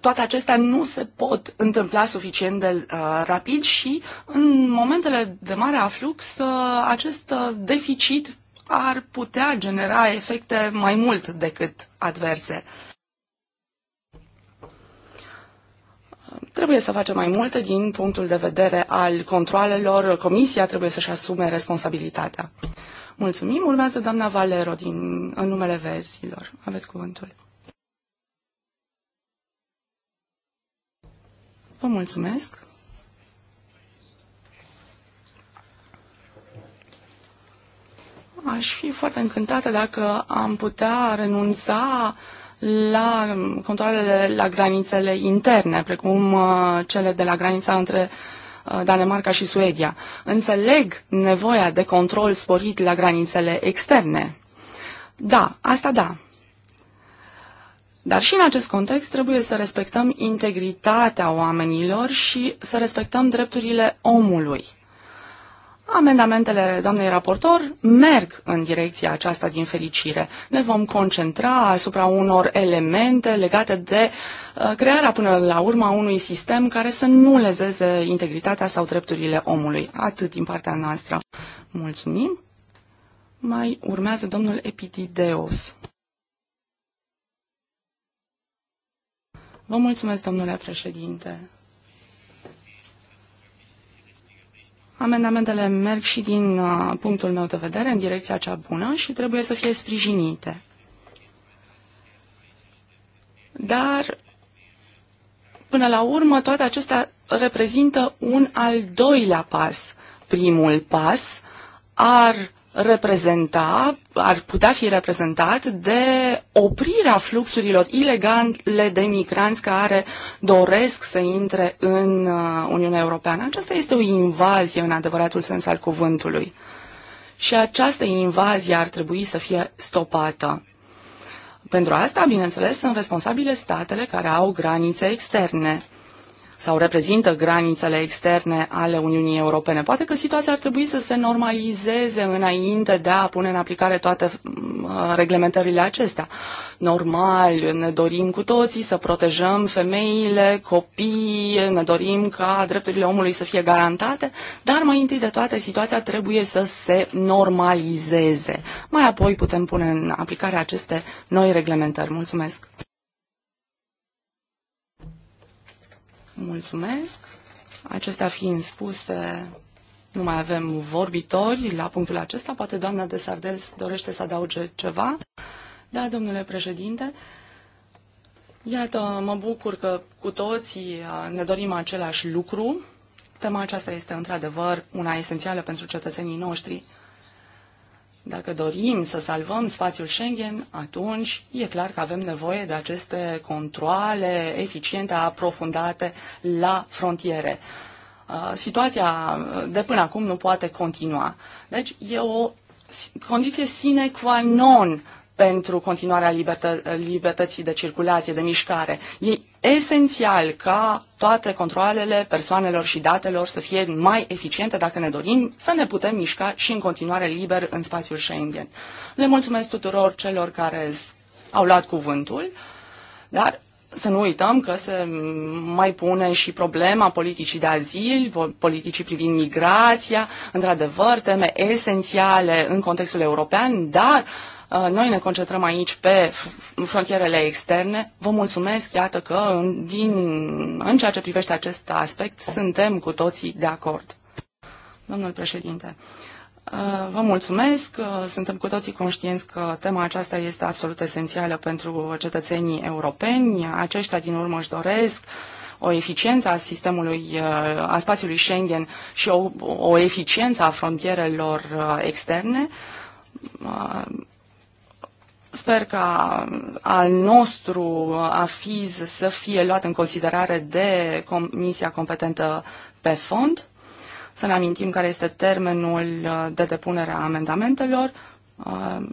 toate acestea nu se pot întâmpla suficient de uh, rapid și în momentele de mare aflux uh, acest uh, deficit ar putea genera efecte mai mult decât adverse. Trebuie să facem mai multe din punctul de vedere al controalelor. Comisia trebuie să-și asume responsabilitatea. Mulțumim. Urmează doamna Valero din, în numele versiilor. Aveți cuvântul. Vă mulțumesc. Aș fi foarte încântată dacă am putea renunța la controlele la granițele interne, precum uh, cele de la granița între uh, Danemarca și Suedia. Înțeleg nevoia de control sporit la granițele externe. Da, asta da. Dar și în acest context trebuie să respectăm integritatea oamenilor și să respectăm drepturile omului. Amendamentele doamnei raportor merg în direcția aceasta din fericire. Ne vom concentra asupra unor elemente legate de uh, crearea până la a unui sistem care să nu lezeze integritatea sau drepturile omului. Atât din partea noastră. Mulțumim. Mai urmează domnul Epidideos. Vă mulțumesc, domnule președinte. Amendamentele merg și din uh, punctul meu de vedere în direcția cea bună și trebuie să fie sprijinite. Dar, până la urmă, toate acestea reprezintă un al doilea pas. Primul pas ar reprezenta, ar putea fi reprezentat de oprirea fluxurilor ilegale de migranți care doresc să intre în uh, Uniunea Europeană. Aceasta este o invazie în adevăratul sens al cuvântului. Și această invazie ar trebui să fie stopată. Pentru asta, bineînțeles, sunt responsabile statele care au granițe externe sau reprezintă granițele externe ale Uniunii Europene. Poate că situația ar trebui să se normalizeze înainte de a pune în aplicare toate reglementările acestea. Normal, ne dorim cu toții să protejăm femeile, copiii, ne dorim ca drepturile omului să fie garantate, dar mai întâi de toate situația trebuie să se normalizeze. Mai apoi putem pune în aplicare aceste noi reglementări. Mulțumesc! Mulțumesc. Acestea fiind spuse, nu mai avem vorbitori la punctul acesta. Poate doamna de Sardes dorește să adauge ceva. Da, domnule președinte, iată, mă bucur că cu toții uh, ne dorim același lucru. Tema aceasta este într-adevăr una esențială pentru cetățenii noștri. Dacă dorim să salvăm spațiul Schengen, atunci e clar că avem nevoie de aceste controle eficiente, aprofundate la frontiere. Uh, situația de până acum nu poate continua. Deci e o condiție sine qua non pentru continuarea libertă, libertății de circulație, de mișcare. E esențial ca toate controlele persoanelor și datelor să fie mai eficiente dacă ne dorim să ne putem mișca și în continuare liber în spațiul Schengen. Le mulțumesc tuturor celor care au luat cuvântul, dar să nu uităm că se mai pune și problema politicii de azil, politicii privind migrația, într-adevăr, teme esențiale în contextul european, dar Uh, noi ne concentrăm aici pe frontierele externe. Vă mulțumesc, iată că din, în ceea ce privește acest aspect suntem cu toții de acord. Domnul președinte, uh, Vă mulțumesc. Uh, suntem cu toții conștienți că tema aceasta este absolut esențială pentru cetățenii europeni. Aceștia, din urmă, își doresc o eficiență a sistemului, a spațiului Schengen și o, o eficiență a frontierelor externe Sper ca um, al nostru uh, afiz să fie luat în considerare de comisia competentă pe fond. Să ne amintim care este termenul uh, de depunere a amendamentelor. Um,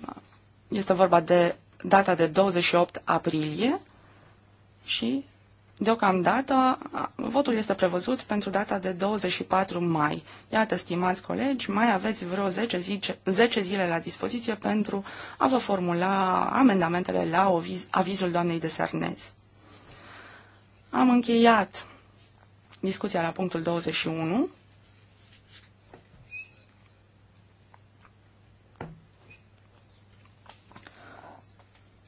este vorba de data de 28 aprilie și Deocamdată, votul este prevăzut pentru data de 24 mai. Iată, stimați colegi, mai aveți vreo 10, zi, 10 zile la dispoziție pentru a vă formula amendamentele la aviz, avizul doamnei de Sarnez. Am încheiat discuția la punctul 21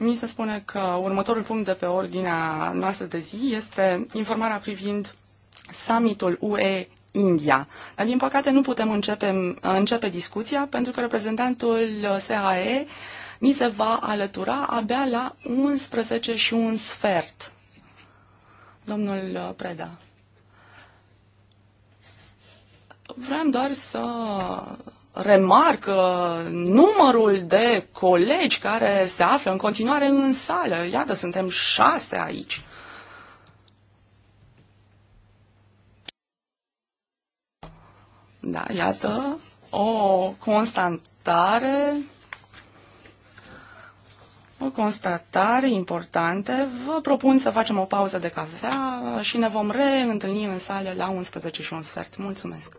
mi se spune că următorul punct de pe ordinea noastră de zi este informarea privind summitul UE India. Dar, din păcate, nu putem începe, începe discuția pentru că reprezentantul SAE ni se va alătura abia la 11 și un sfert. Domnul Preda. Vreau doar să remarc numărul de colegi care se află în continuare în sală. Iată, suntem șase aici. Da, iată o constatare o constatare importantă. Vă propun să facem o pauză de cafea și ne vom reîntâlni în sală la 11 și un sfert. Mulțumesc!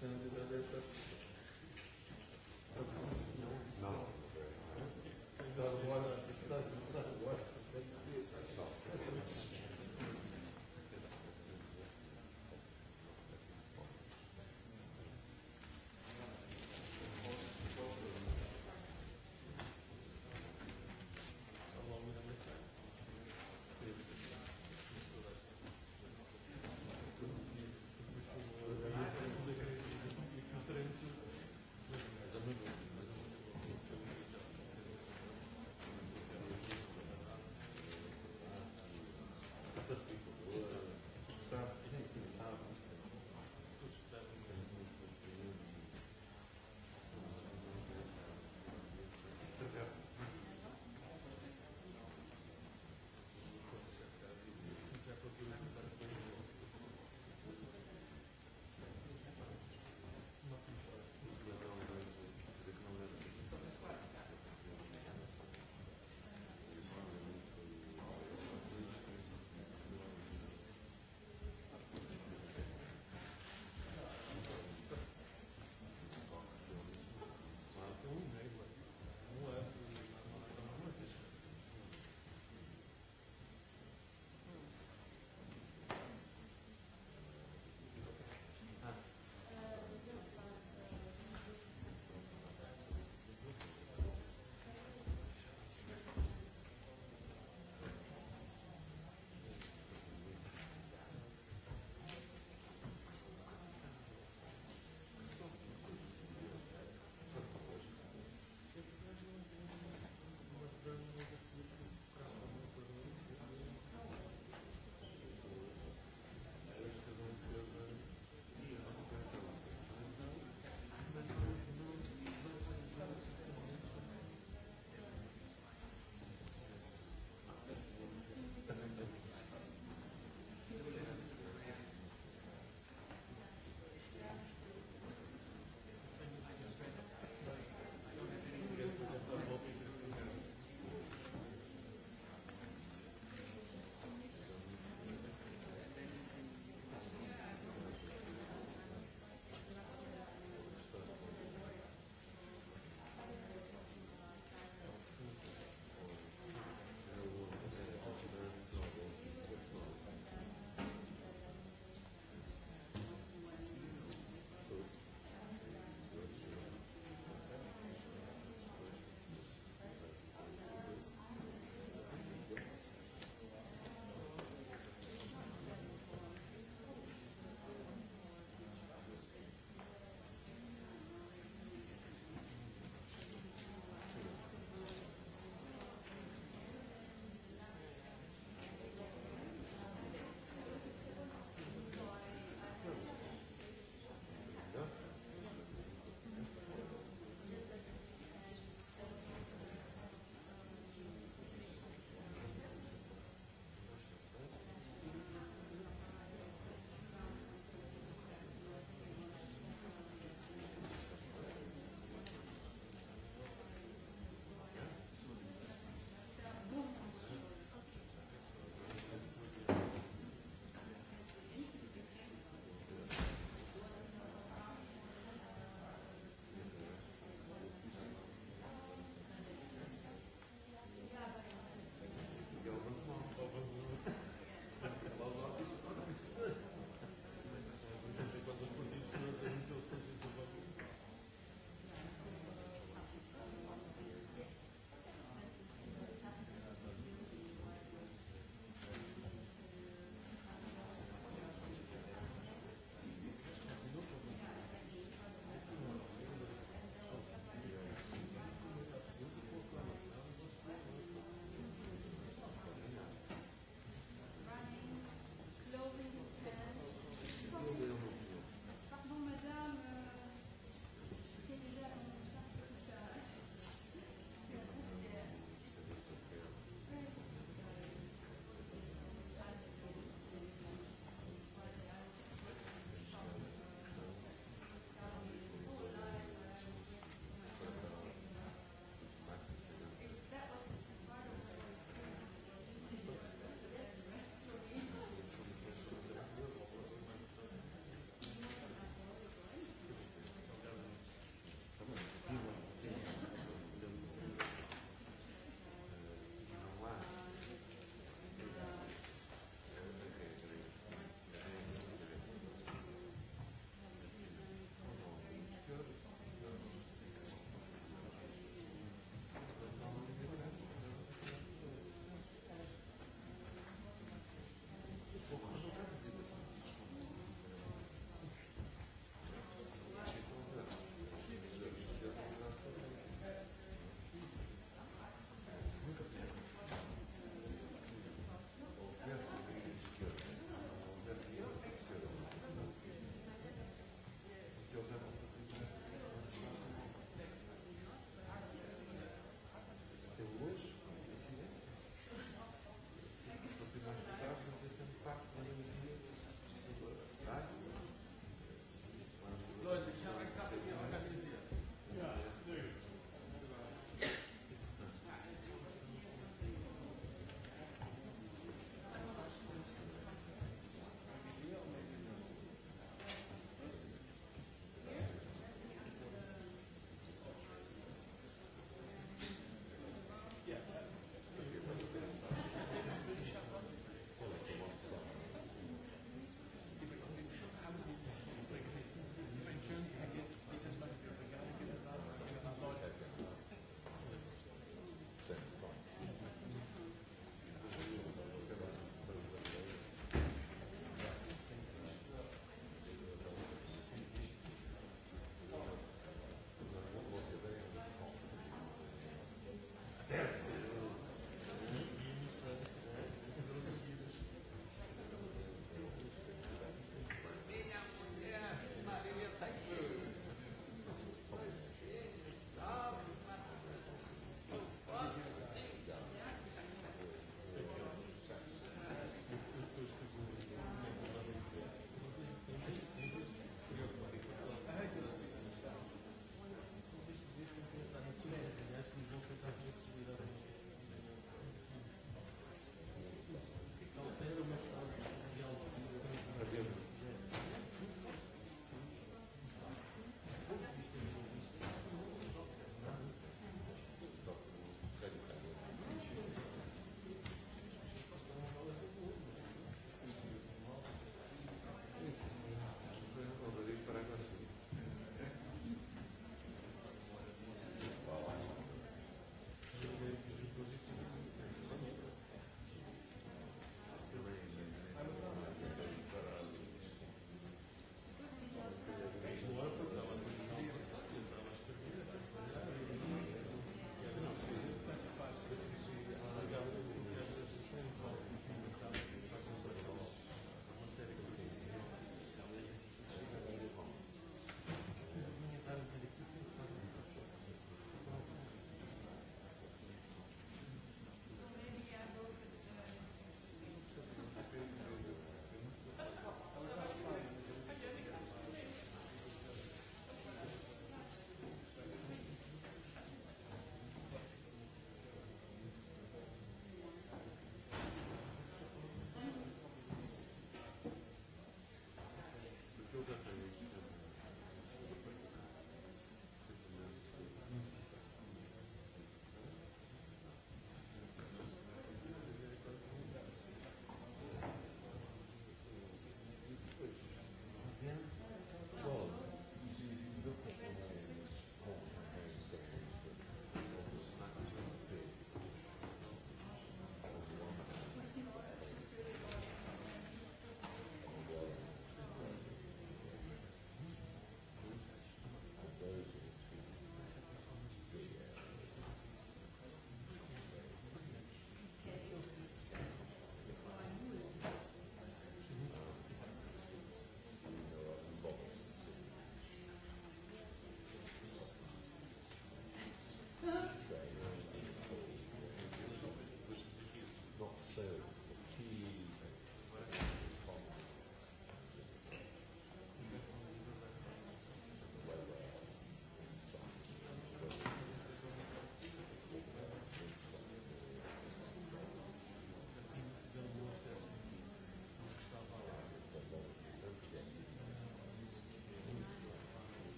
Sfântul Dumnezeu.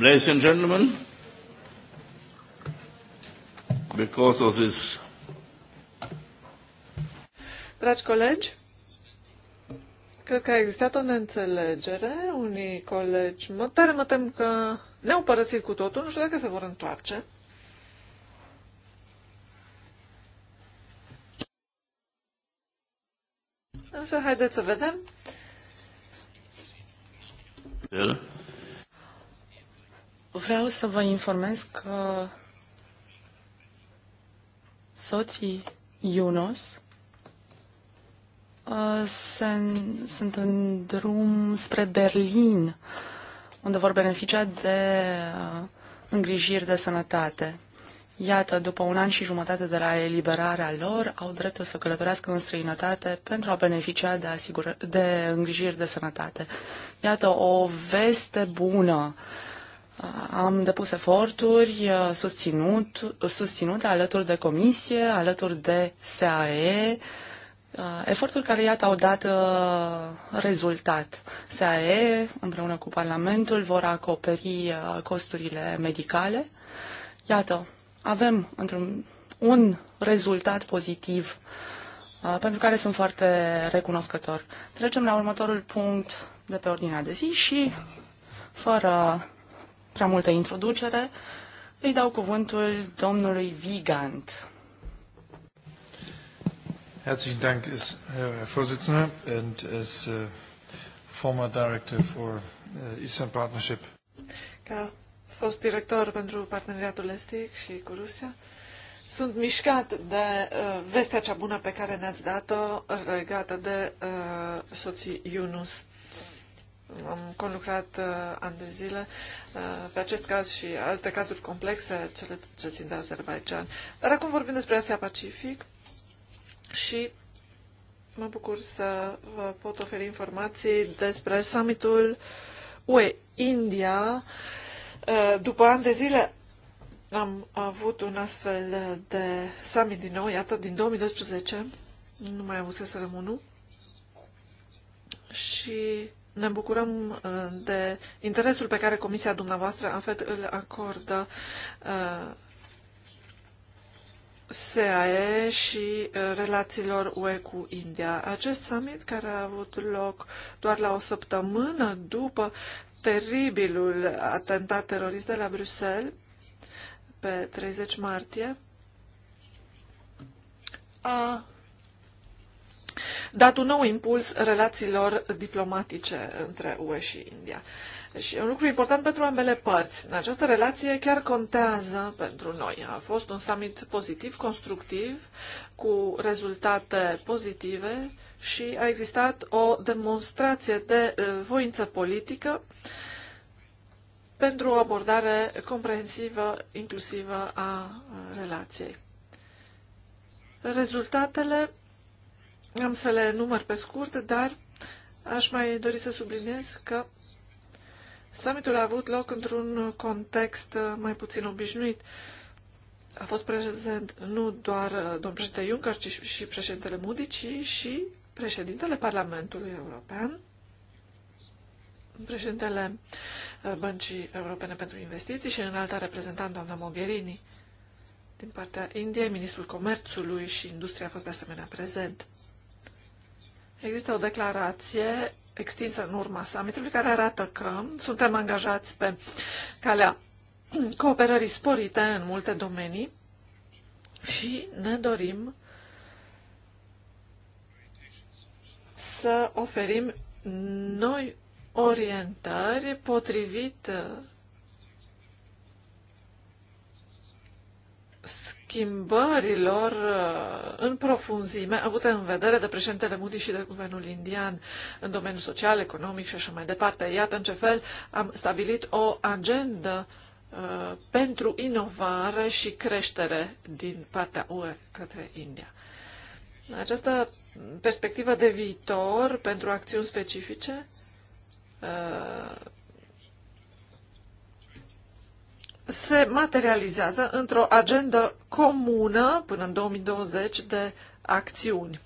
Ladies and gentlemen, because of this Dragi colegi, cred că a existat o neînțelegere. Unii colegi, mă tare mă tem că ne-au părăsit cu totul, nu știu dacă se vor întoarce. Însă haideți să vedem. Vreau să vă informez că soții Yunus uh, se, sunt în drum spre Berlin, unde vor beneficia de uh, îngrijiri de sănătate. Iată, după un an și jumătate de la eliberarea lor, au dreptul să călătorească în străinătate pentru a beneficia de, asigură, de îngrijiri de sănătate. Iată, o veste bună. Uh, Uh, am depus eforturi uh, susținut, susținute alături de comisie, alături de SAE, uh, eforturi care, iată, au dat rezultat. SAE, împreună cu Parlamentul, vor acoperi costurile medicale. Iată, avem într-un un rezultat pozitiv pentru care sunt foarte recunoscător. Trecem la următorul punct de pe ordinea de zi și, fără prea multă introducere. Îi dau cuvântul domnului Vigant. Herzlichen Dank, Herr Vorsitzender, und as äh, former director for äh, Eastern Partnership. Ca fost director pentru parteneriatul estic și cu Rusia, sunt mișcat de uh, vestea cea bună pe care ne-ați dat-o regată de uh, soții Yunus am conlucrat uh, ani de zile uh, pe acest caz și alte cazuri complexe, cele ce țin de Azerbaijan. Dar acum vorbim despre Asia-Pacific și mă bucur să vă pot oferi informații despre summitul UE-India. Uh, după ani de zile am avut un astfel de summit din nou, iată, din 2012, nu mai avusesem unul. Și ne bucurăm uh, de interesul pe care Comisia dumneavoastră, în fapt, îl acordă uh, SAE și uh, relațiilor UE cu India. Acest summit, care a avut loc doar la o săptămână după teribilul atentat terorist de la Bruxelles, pe 30 martie, a dat un nou impuls relațiilor diplomatice între UE și India. Și e un lucru important pentru ambele părți. Această relație chiar contează pentru noi. A fost un summit pozitiv, constructiv, cu rezultate pozitive și a existat o demonstrație de uh, voință politică pentru o abordare comprehensivă, inclusivă a uh, relației. Rezultatele am să le număr pe scurt, dar aș mai dori să subliniez că summitul a avut loc într-un context uh, mai puțin obișnuit. A fost prezent nu doar uh, domnul președinte Juncker, ci și președintele Moody, ci și președintele Parlamentului European, președintele uh, Băncii Europene pentru Investiții și în alta reprezentant, doamna Mogherini. Din partea Indiei, ministrul Comerțului și Industriei a fost de asemenea prezent. Există o declarație extinsă în urma summitului care arată că suntem angajați pe calea cooperării sporite în multe domenii și ne dorim să oferim noi orientări potrivit schimbărilor uh, în profunzime avute în vedere de președintele Moody și de guvernul indian în domeniul social, economic și așa mai departe. Iată în ce fel am stabilit o agendă uh, pentru inovare și creștere din partea UE către India. Această perspectivă de viitor pentru acțiuni specifice uh, se materializează într-o agendă comună până în 2020 de acțiuni.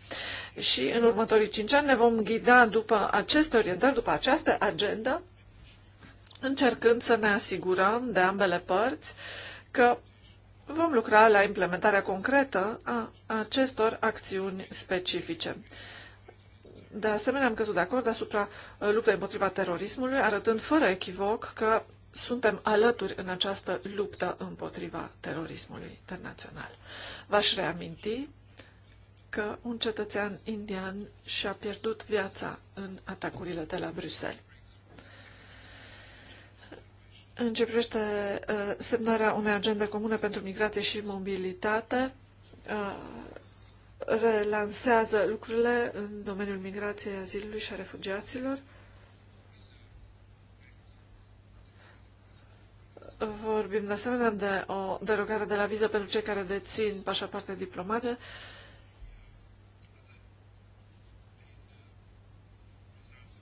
Și în următorii cinci ani ne vom ghida după aceste orientări, după această agendă, încercând să ne asigurăm de ambele părți că vom lucra la implementarea concretă a acestor acțiuni specifice. De asemenea, am căzut de acord asupra luptei împotriva terorismului, arătând fără echivoc că suntem alături în această luptă împotriva terorismului internațional. V-aș reaminti că un cetățean indian și-a pierdut viața în atacurile de la Bruxelles. În ce privește uh, semnarea unei agende comune pentru migrație și mobilitate, uh, relansează lucrurile în domeniul migrației, azilului și a refugiaților Vorbim de asemenea de o derogare de la viză pentru cei care dețin pașapoarte diplomate.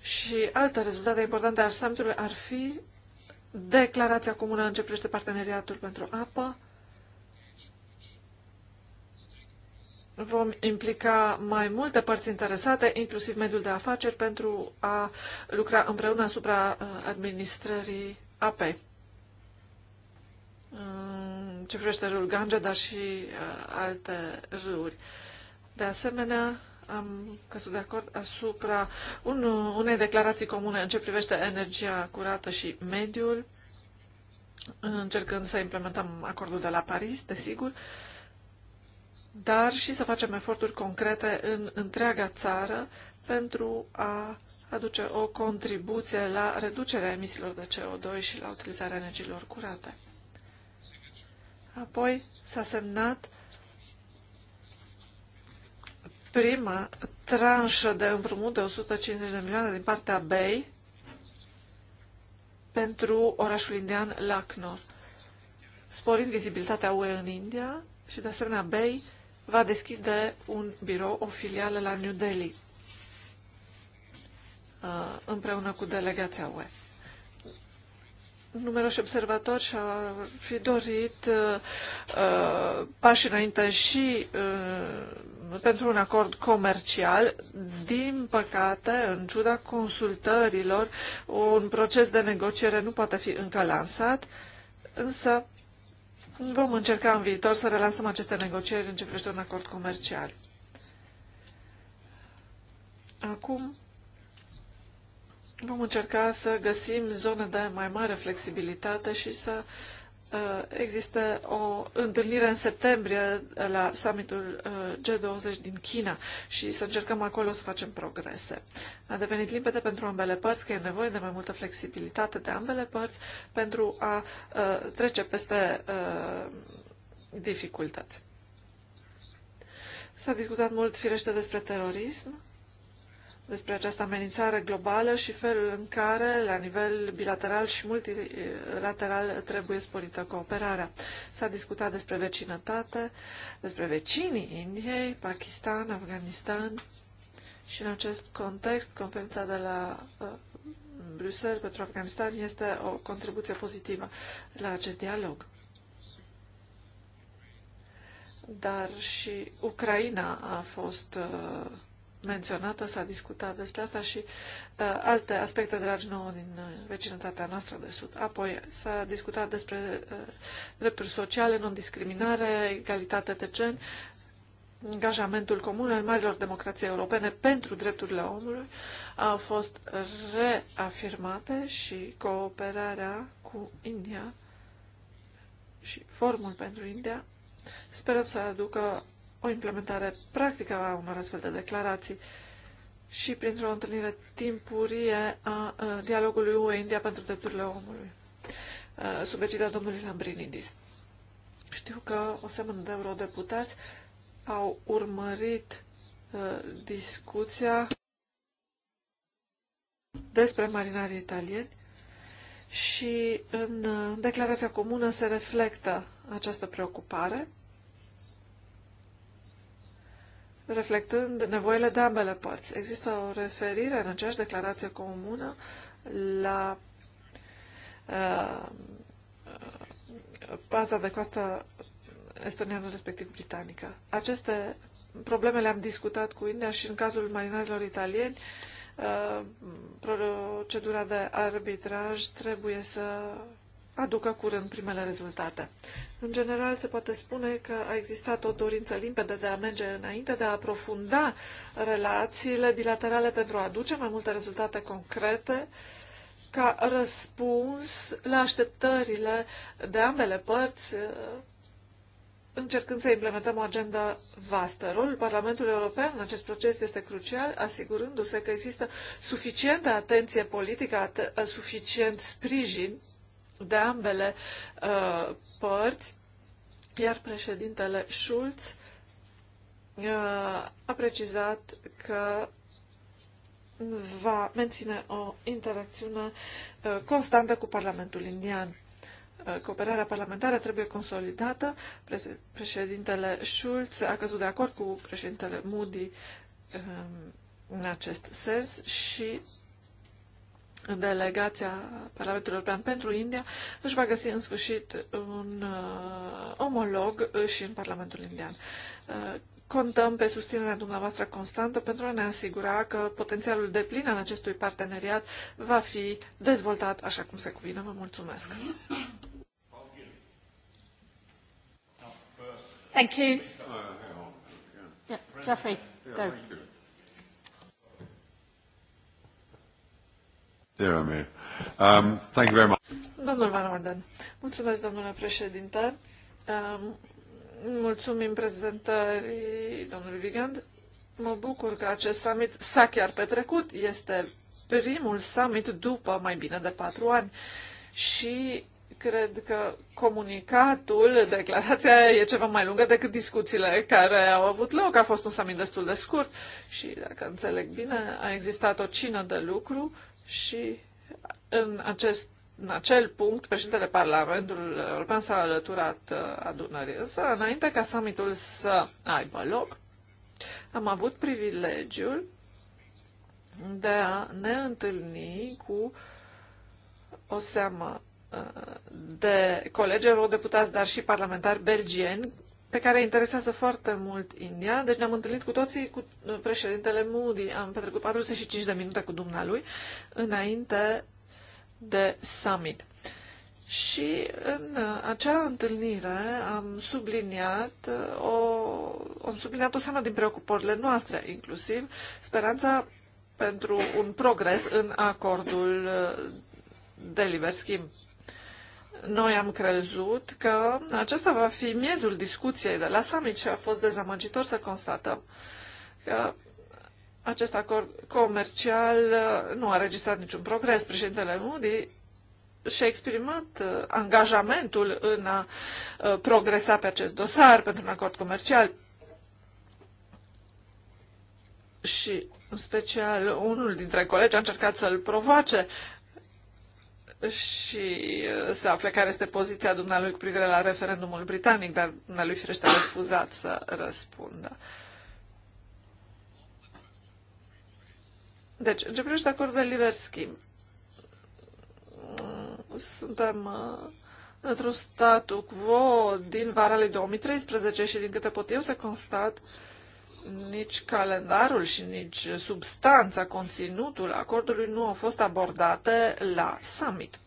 Și alte rezultate importante al summitului ar fi declarația comună în ce privește parteneriatul pentru apă. Vom implica mai multe părți interesate, inclusiv mediul de afaceri, pentru a lucra împreună asupra uh, administrării apei. Mm, ce privește râul Ganja, dar și uh, alte râuri. De asemenea, am căzut de acord asupra un, unei declarații comune în ce privește energia curată și mediul, încercând să implementăm acordul de la Paris, desigur, dar și să facem eforturi concrete în întreaga țară pentru a aduce o contribuție la reducerea emisiilor de CO2 și la utilizarea energiilor curate. Apoi s-a semnat prima tranșă de împrumut de 150 de milioane din partea BEI pentru orașul indian Lucknow, sporind vizibilitatea UE în India și, de asemenea, BEI va deschide un birou, o filială la New Delhi, uh, împreună cu delegația UE numeroși observatori și-ar fi dorit uh, uh, pași înainte și uh, pentru un acord comercial. Din păcate, în ciuda consultărilor, un proces de negociere nu poate fi încă lansat, însă vom încerca în viitor să relansăm aceste negocieri în ce privește un acord comercial. Acum Vom încerca să găsim zone de mai mare flexibilitate și să uh, există o întâlnire în septembrie la summitul uh, G20 din China și să încercăm acolo să facem progrese. A devenit limpede pentru ambele părți că e nevoie de mai multă flexibilitate de ambele părți pentru a uh, trece peste dificultăți. S-a discutat mult, firește, despre terorism despre această amenințare globală și felul în care, la nivel bilateral și multilateral, trebuie sporită cooperarea. S-a discutat despre vecinătate, despre vecinii Indiei, Pakistan, Afganistan și în acest context, conferința de la uh, Bruxelles pentru Afganistan este o contribuție pozitivă la acest dialog. Dar și Ucraina a fost uh, menționată, s-a discutat despre asta și uh, alte aspecte dragi nou din uh, vecinătatea noastră de sud. Apoi s-a discutat despre uh, drepturi sociale, non-discriminare, egalitate de gen, angajamentul comun al marilor democrații europene pentru drepturile omului au fost reafirmate și cooperarea cu India și formul pentru India sperăm să aducă o implementare practică a unor astfel de declarații și printr-o întâlnire timpurie a dialogului UE-India pentru drepturile omului, sub egida domnului Lambrinidis. Știu că o semnă de eurodeputați au urmărit discuția despre marinarii italieni și în declarația comună se reflectă această preocupare reflectând nevoile de ambele părți. Există o referire în aceeași declarație comună la uh, de coastă estoniană, respectiv britanică. Aceste probleme le-am discutat cu India și în cazul marinarilor italieni, uh, procedura de arbitraj trebuie să aducă curând primele rezultate. În general, se poate spune că a existat o dorință limpede de a merge înainte, de a aprofunda relațiile bilaterale pentru a aduce mai multe rezultate concrete ca răspuns la așteptările de ambele părți încercând să implementăm o agenda vastă. Rolul Parlamentului European în acest proces este crucial, asigurându-se că există suficientă atenție politică, at- suficient sprijin de ambele uh, părți, iar președintele Schulz uh, a precizat că va menține o interacțiune uh, constantă cu Parlamentul Indian. Uh, cooperarea parlamentară trebuie consolidată. Președintele Schulz a căzut de acord cu președintele Moody um, în acest sens și delegația Parlamentului European pentru India își va găsi în sfârșit un uh, omolog și în Parlamentul Indian. Uh, contăm pe susținerea dumneavoastră constantă pentru a ne asigura că potențialul de plin al acestui parteneriat va fi dezvoltat așa cum se cuvine. Vă mulțumesc! Thank you. Jeffrey, go. Um, Domnul Van Orden, mulțumesc, domnule președinte. Um, mulțumim prezentării domnului Vigand. Mă bucur că acest summit s-a chiar petrecut. Este primul summit după mai bine de patru ani și cred că comunicatul, declarația e ceva mai lungă decât discuțiile care au avut loc. A fost un summit destul de scurt și, dacă înțeleg bine, a existat o cină de lucru și în acest în acel punct, președintele Parlamentului European s-a alăturat uh, adunării. Însă, înainte ca summitul să aibă loc, am avut privilegiul de a ne întâlni cu o seamă uh, de colegi eurodeputați, dar și parlamentari belgieni pe care interesează foarte mult India. Deci ne-am întâlnit cu toții cu uh, președintele Moody. Am petrecut 45 de minute cu dumnealui înainte de summit. Și în uh, acea întâlnire am subliniat uh, o, am subliniat o seamă din preocupările noastre, inclusiv speranța pentru un progres în acordul de liber schimb. Noi am crezut că acesta va fi miezul discuției de la summit și a fost dezamăgitor să constatăm că acest acord comercial uh, nu a registrat niciun progres. Președintele Moody și-a exprimat uh, angajamentul în a uh, progresa pe acest dosar pentru un acord comercial și în special unul dintre colegi a încercat să-l provoace și uh, să afle care este poziția dumnealui cu privire la referendumul britanic, dar dumnealui firește a refuzat să răspundă. Deci, în ce privește acordul de liber schimb, mm, suntem uh, într-un statu quo din vara lui 2013 și din câte pot eu să constat, uh, nici calendarul și nici substanța, conținutul acordului nu au fost abordate la summit.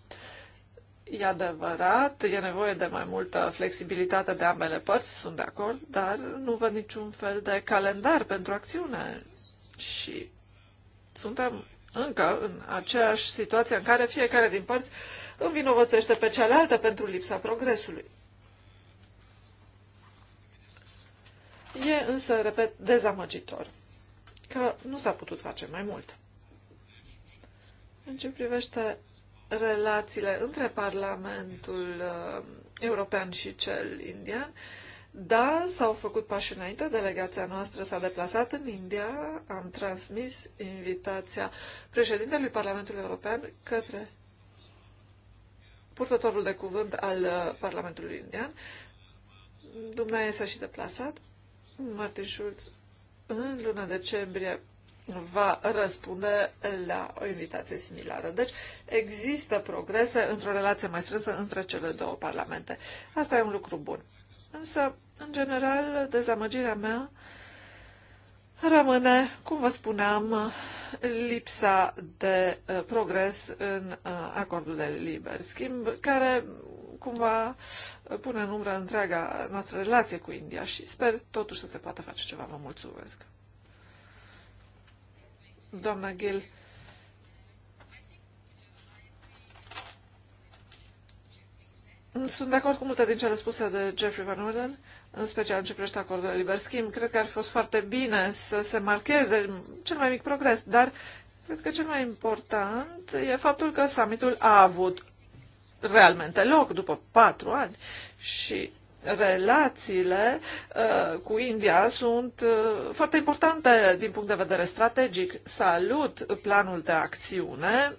E adevărat, e nevoie de mai multă flexibilitate de ambele părți, sunt de acord, dar nu văd niciun fel de calendar pentru acțiune și suntem încă în aceeași situație în care fiecare din părți învinovățește pe cealaltă pentru lipsa progresului. E însă, repet, dezamăgitor că nu s-a putut face mai mult. În ce privește relațiile între Parlamentul uh, European și cel indian, da, s-au făcut pași înainte, delegația noastră s-a deplasat în India, am transmis invitația președintelui Parlamentului European către purtătorul de cuvânt al uh, Parlamentului Indian. Dumnezeu s-a și deplasat Martin Schulz în luna decembrie va răspunde la o invitație similară. Deci există progrese într-o relație mai strânsă între cele două parlamente. Asta e un lucru bun. Însă, în general, dezamăgirea mea rămâne, cum vă spuneam, lipsa de uh, progres în uh, acordul de liber schimb, care cum va pune în umbră întreaga noastră relație cu India și sper totuși să se poată face ceva. Vă mulțumesc. Doamna Gil, Sunt de acord cu multe din cele spuse de Jeffrey Van Orden, în special în ce privește acordul de liber schimb. Cred că ar fi fost foarte bine să se marcheze cel mai mic progres, dar cred că cel mai important e faptul că summitul a avut realmente loc după patru ani și relațiile uh, cu India sunt uh, foarte importante din punct de vedere strategic. Salut planul de acțiune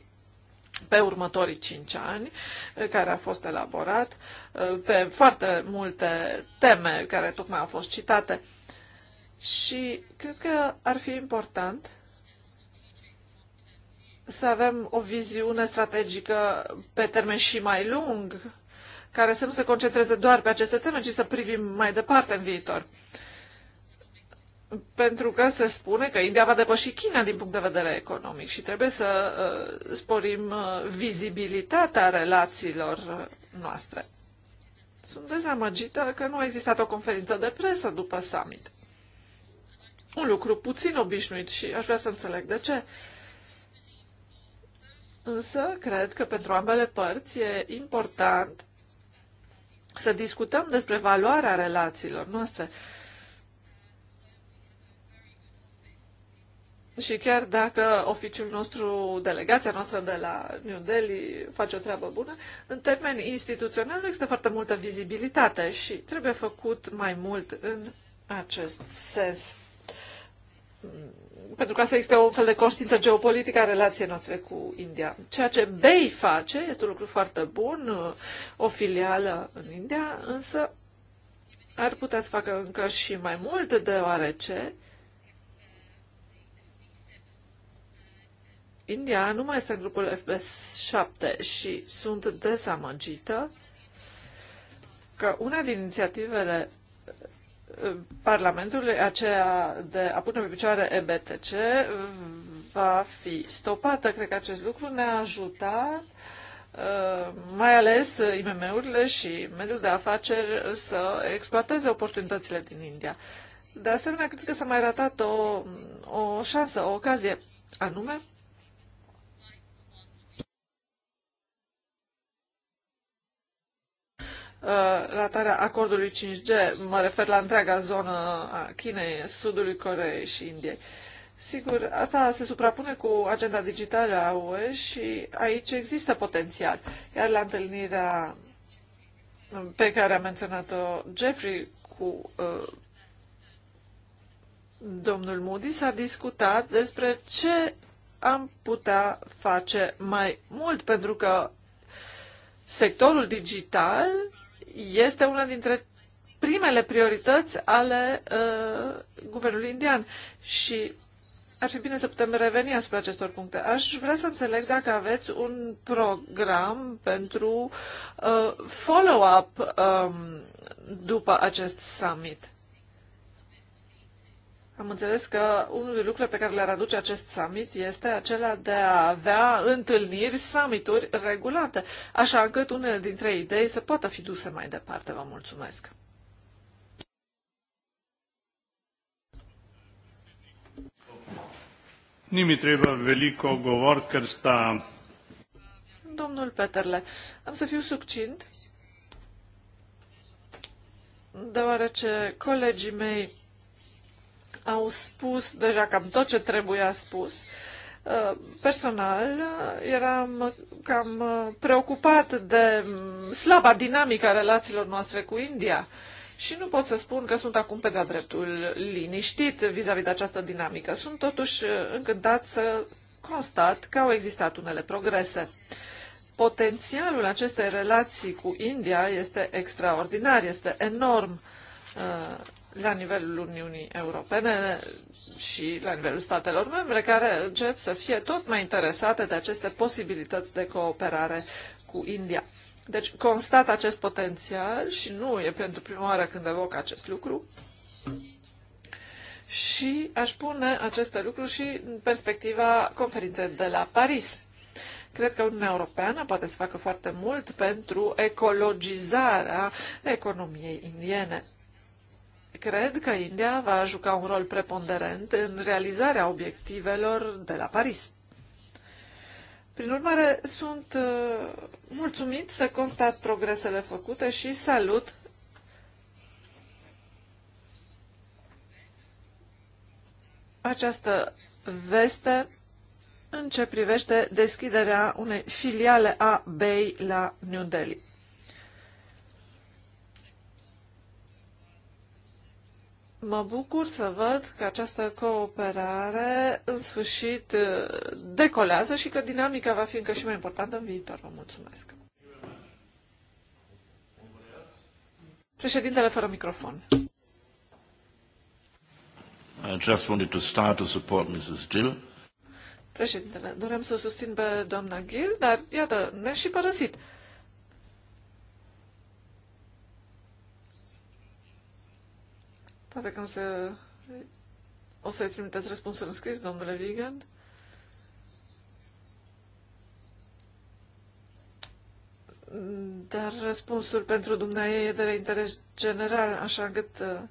pe următorii cinci ani, uh, care a fost elaborat uh, pe foarte multe teme care tocmai au fost citate. Și cred că ar fi important să avem o viziune strategică pe termen și mai lung, care să nu se concentreze doar pe aceste teme, ci să privim mai departe în viitor. Pentru că se spune că India va depăși China din punct de vedere economic și trebuie să uh, sporim uh, vizibilitatea relațiilor uh, noastre. Sunt dezamăgită că nu a existat o conferință de presă după summit. Un lucru puțin obișnuit și aș vrea să înțeleg de ce. Uh, Însă, cred că pentru ambele părți e important să discutăm despre valoarea relațiilor noastre. Și chiar dacă oficiul nostru, delegația noastră de la New Delhi face o treabă bună, în termeni instituționali nu există foarte multă vizibilitate și trebuie făcut mai mult în acest sens pentru că să este un fel de conștiință geopolitică a relației noastre cu India. Ceea ce BEI face este un lucru foarte bun, o filială în India, însă ar putea să facă încă și mai mult, deoarece India nu mai este în grupul FBS 7 și sunt dezamăgită că una din inițiativele Parlamentului, aceea de a pune pe picioare EBTC, va fi stopată. Cred că acest lucru ne-a ajutat uh, mai ales IMM-urile și mediul de afaceri să exploateze oportunitățile din India. De asemenea, cred că s-a mai ratat o, o șansă, o ocazie, anume Uh, ratarea acordului 5G, mă refer la întreaga zonă a Chinei, Sudului Coreei și Indiei. Sigur, asta se suprapune cu agenda digitală a UE și aici există potențial. Iar la întâlnirea pe care a menționat-o Jeffrey cu uh, domnul Moody s-a discutat despre ce am putea face mai mult, pentru că sectorul digital este una dintre primele priorități ale uh, guvernului indian și ar fi bine să putem reveni asupra acestor puncte. Aș vrea să înțeleg dacă aveți un program pentru uh, follow-up um, după acest summit. Am înțeles că unul din lucrurile pe care le-ar aduce acest summit este acela de a avea întâlniri, summituri regulate, așa încât unele dintre idei să poată fi duse mai departe. Vă mulțumesc! Nimi trebuie veliko govor, ker sta... Domnul Peterle, am să fiu succint, deoarece colegii mei au spus deja cam tot ce trebuia spus. Uh, personal, uh, eram uh, cam preocupat de mm, slaba dinamică a relațiilor noastre cu India și nu pot să spun că sunt acum pe de-a dreptul liniștit vis-a-vis -vis de această dinamică. Sunt totuși încântat să constat că au existat unele progrese. Potențialul acestei relații cu India este extraordinar, este enorm la nivelul Uniunii Europene și la nivelul statelor membre, care încep să fie tot mai interesate de aceste posibilități de cooperare cu India. Deci constat acest potențial și nu e pentru prima oară când evoc acest lucru. Și aș pune aceste lucruri și în perspectiva conferinței de la Paris. Cred că Uniunea Europeană poate să facă foarte mult pentru ecologizarea economiei indiene. Cred că India va juca un rol preponderent în realizarea obiectivelor de la Paris. Prin urmare, sunt uh, mulțumit să constat progresele făcute și salut această veste în ce privește deschiderea unei filiale a BEI la New Delhi. Mă bucur să văd că această cooperare în sfârșit decolează și că dinamica va fi încă și mai importantă în viitor. Vă mulțumesc. Președintele fără microfon. I just wanted to start to support Mrs. Gill. Președintele, doream să o susțin pe doamna Gill, dar iată, ne-a și părăsit. Poate că să... o să-i trimiteți răspunsul în scris, domnule Vigand. Dar răspunsul pentru dumneavoastră e de la interes general, așa încât uh,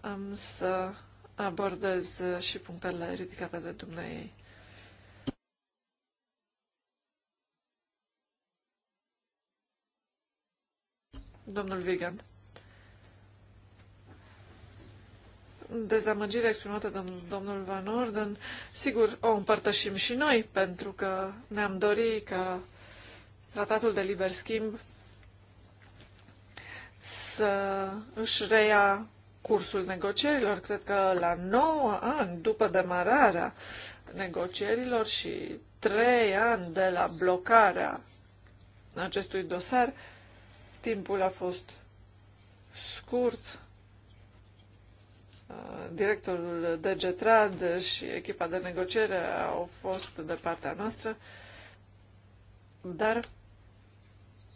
am să abordez uh, și punctele ridicate de dumneavoastră. Domnul Vigand. dezamăgirea exprimată de domnul Van Orden, sigur, o împărtășim și noi, pentru că ne-am dorit ca tratatul de liber schimb să își reia cursul negocierilor. Cred că la 9 ani după demararea negocierilor și 3 ani de la blocarea acestui dosar, timpul a fost scurt directorul DG Trad și echipa de negociere au fost de partea noastră, dar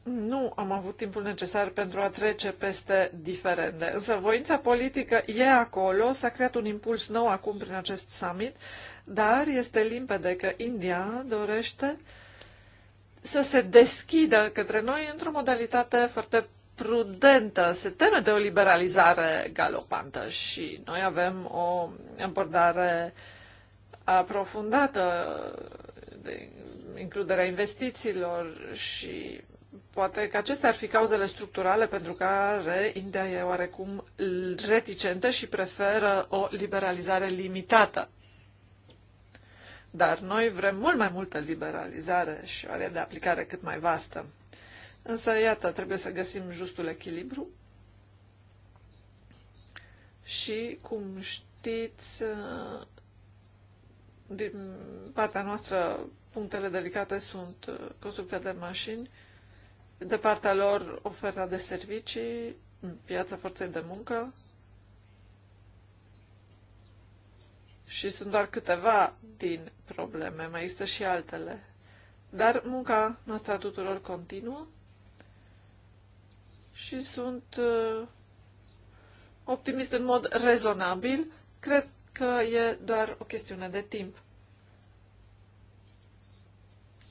nu am avut timpul necesar pentru a trece peste diferende. Însă voința politică e acolo, s-a creat un impuls nou acum prin acest summit, dar este limpede că India dorește să se deschidă către noi într-o modalitate foarte prudentă, se teme de o liberalizare galopantă și noi avem o abordare aprofundată de includerea investițiilor și poate că acestea ar fi cauzele structurale pentru care India e oarecum reticentă și preferă o liberalizare limitată. Dar noi vrem mult mai multă liberalizare și o de aplicare cât mai vastă. Însă, iată, trebuie să găsim justul echilibru și, cum știți, din partea noastră, punctele delicate sunt uh, construcția de mașini, de partea lor oferta de servicii, piața forței de muncă și sunt doar câteva din probleme, mai există și altele. Dar munca noastră a tuturor continuă și sunt uh, optimist în mod rezonabil. Cred că e doar o chestiune de timp.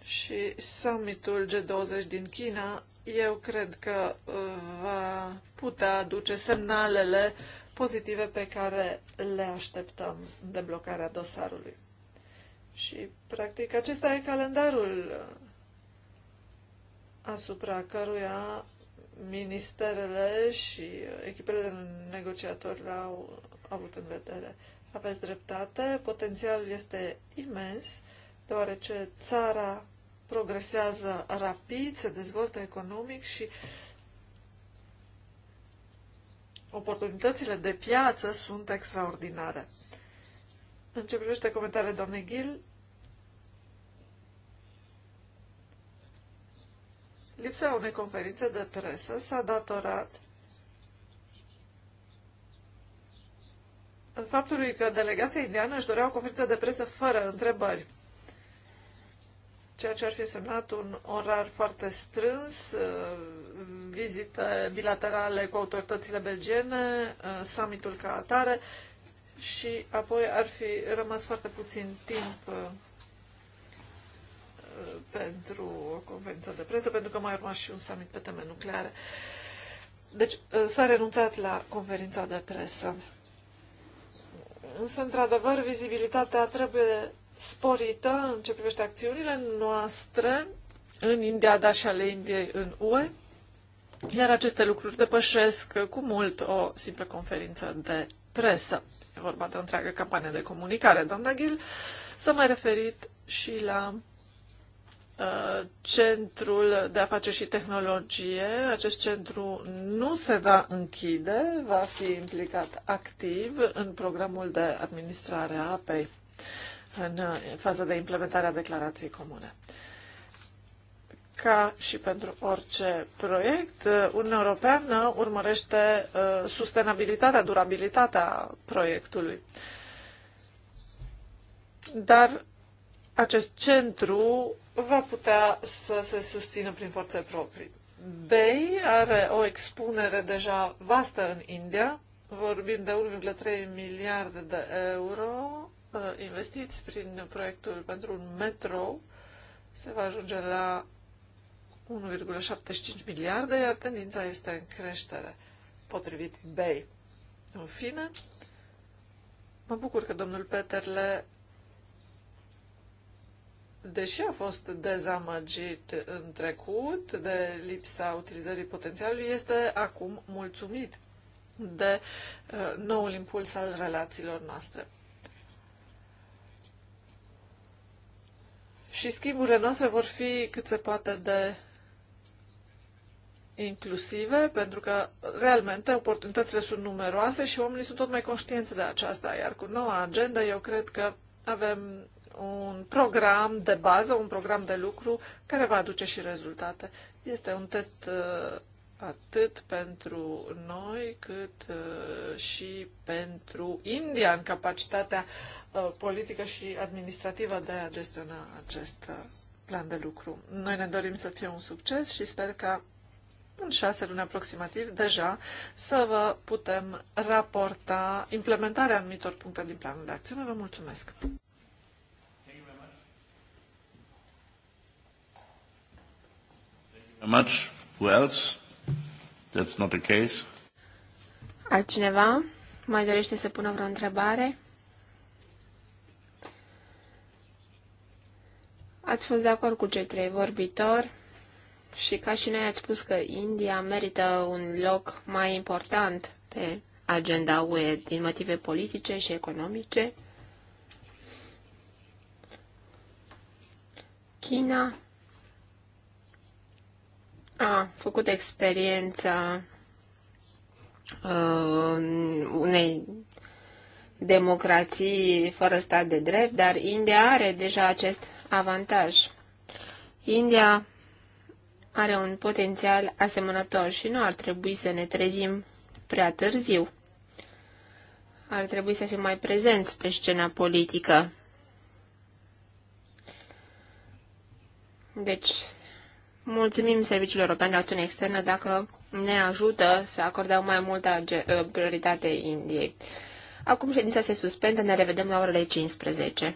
Și summitul G20 din China, eu cred că uh, va putea aduce semnalele pozitive pe care le așteptăm de blocarea dosarului. Și, practic, acesta e calendarul uh, asupra căruia ministerele și echipele de negociatori l-au avut în vedere. Aveți dreptate, potențialul este imens, deoarece țara progresează rapid, se dezvoltă economic și oportunitățile de piață sunt extraordinare. În ce privește comentariile doamnei Gil, Lipsa unei conferințe de presă s-a datorat faptului că delegația indiană își dorea o conferință de presă fără întrebări, ceea ce ar fi semnat un orar foarte strâns, uh, vizite bilaterale cu autoritățile belgiene, uh, summitul ca atare și apoi ar fi rămas foarte puțin timp uh, pentru o conferință de presă, pentru că mai urma și un summit pe teme nucleare. Deci uh, s-a renunțat la conferința de presă. Însă, într-adevăr, vizibilitatea trebuie sporită în ce privește acțiunile noastre în India, dar și ale Indiei în UE. Iar aceste lucruri depășesc cu mult o simplă conferință de presă. E vorba de o întreagă campanie de comunicare. Doamna Ghil s-a mai referit și la Uh, centrul de Afaceri și Tehnologie. Acest centru nu se va închide, va fi implicat activ în programul de administrare a apei în uh, faza de implementare a declarației comune. Ca și pentru orice proiect, uh, Uniunea Europeană urmărește sustenabilitatea, durabilitatea proiectului. Dar acest centru va putea să se susțină prin forțe proprii. Bay are o expunere deja vastă în India, vorbim de 1,3 miliarde de euro uh, investiți prin proiectul pentru un metro, se va ajunge la 1,75 miliarde, iar tendința este în creștere, potrivit Bay. În fine, mă bucur că domnul Peterle deși a fost dezamăgit în trecut de lipsa utilizării potențialului, este acum mulțumit de uh, noul impuls al relațiilor noastre. Și schimburile noastre vor fi cât se poate de inclusive, pentru că realmente oportunitățile sunt numeroase și oamenii sunt tot mai conștienți de aceasta, iar cu noua agenda eu cred că avem un program de bază, un program de lucru care va aduce și rezultate. Este un test uh, atât pentru noi cât uh, și pentru India în capacitatea uh, politică și administrativă de a gestiona acest plan de lucru. Noi ne dorim să fie un succes și sper că în șase luni aproximativ deja să vă putem raporta implementarea anumitor puncte din planul de acțiune. Vă mulțumesc! much. Who else? That's not the case. Altcineva mai dorește să pună vreo întrebare? Ați fost de acord cu cei trei vorbitori și ca și noi ați spus că India merită un loc mai important pe agenda UE din motive politice și economice. China a făcut experiența uh, unei democrații fără stat de drept, dar India are deja acest avantaj. India are un potențial asemănător și nu ar trebui să ne trezim prea târziu. Ar trebui să fim mai prezenți pe scena politică. Deci Mulțumim Serviciul European de Acțiune Externă dacă ne ajută să acordăm mai multă prioritate Indiei. Acum ședința se suspendă, ne revedem la orele 15.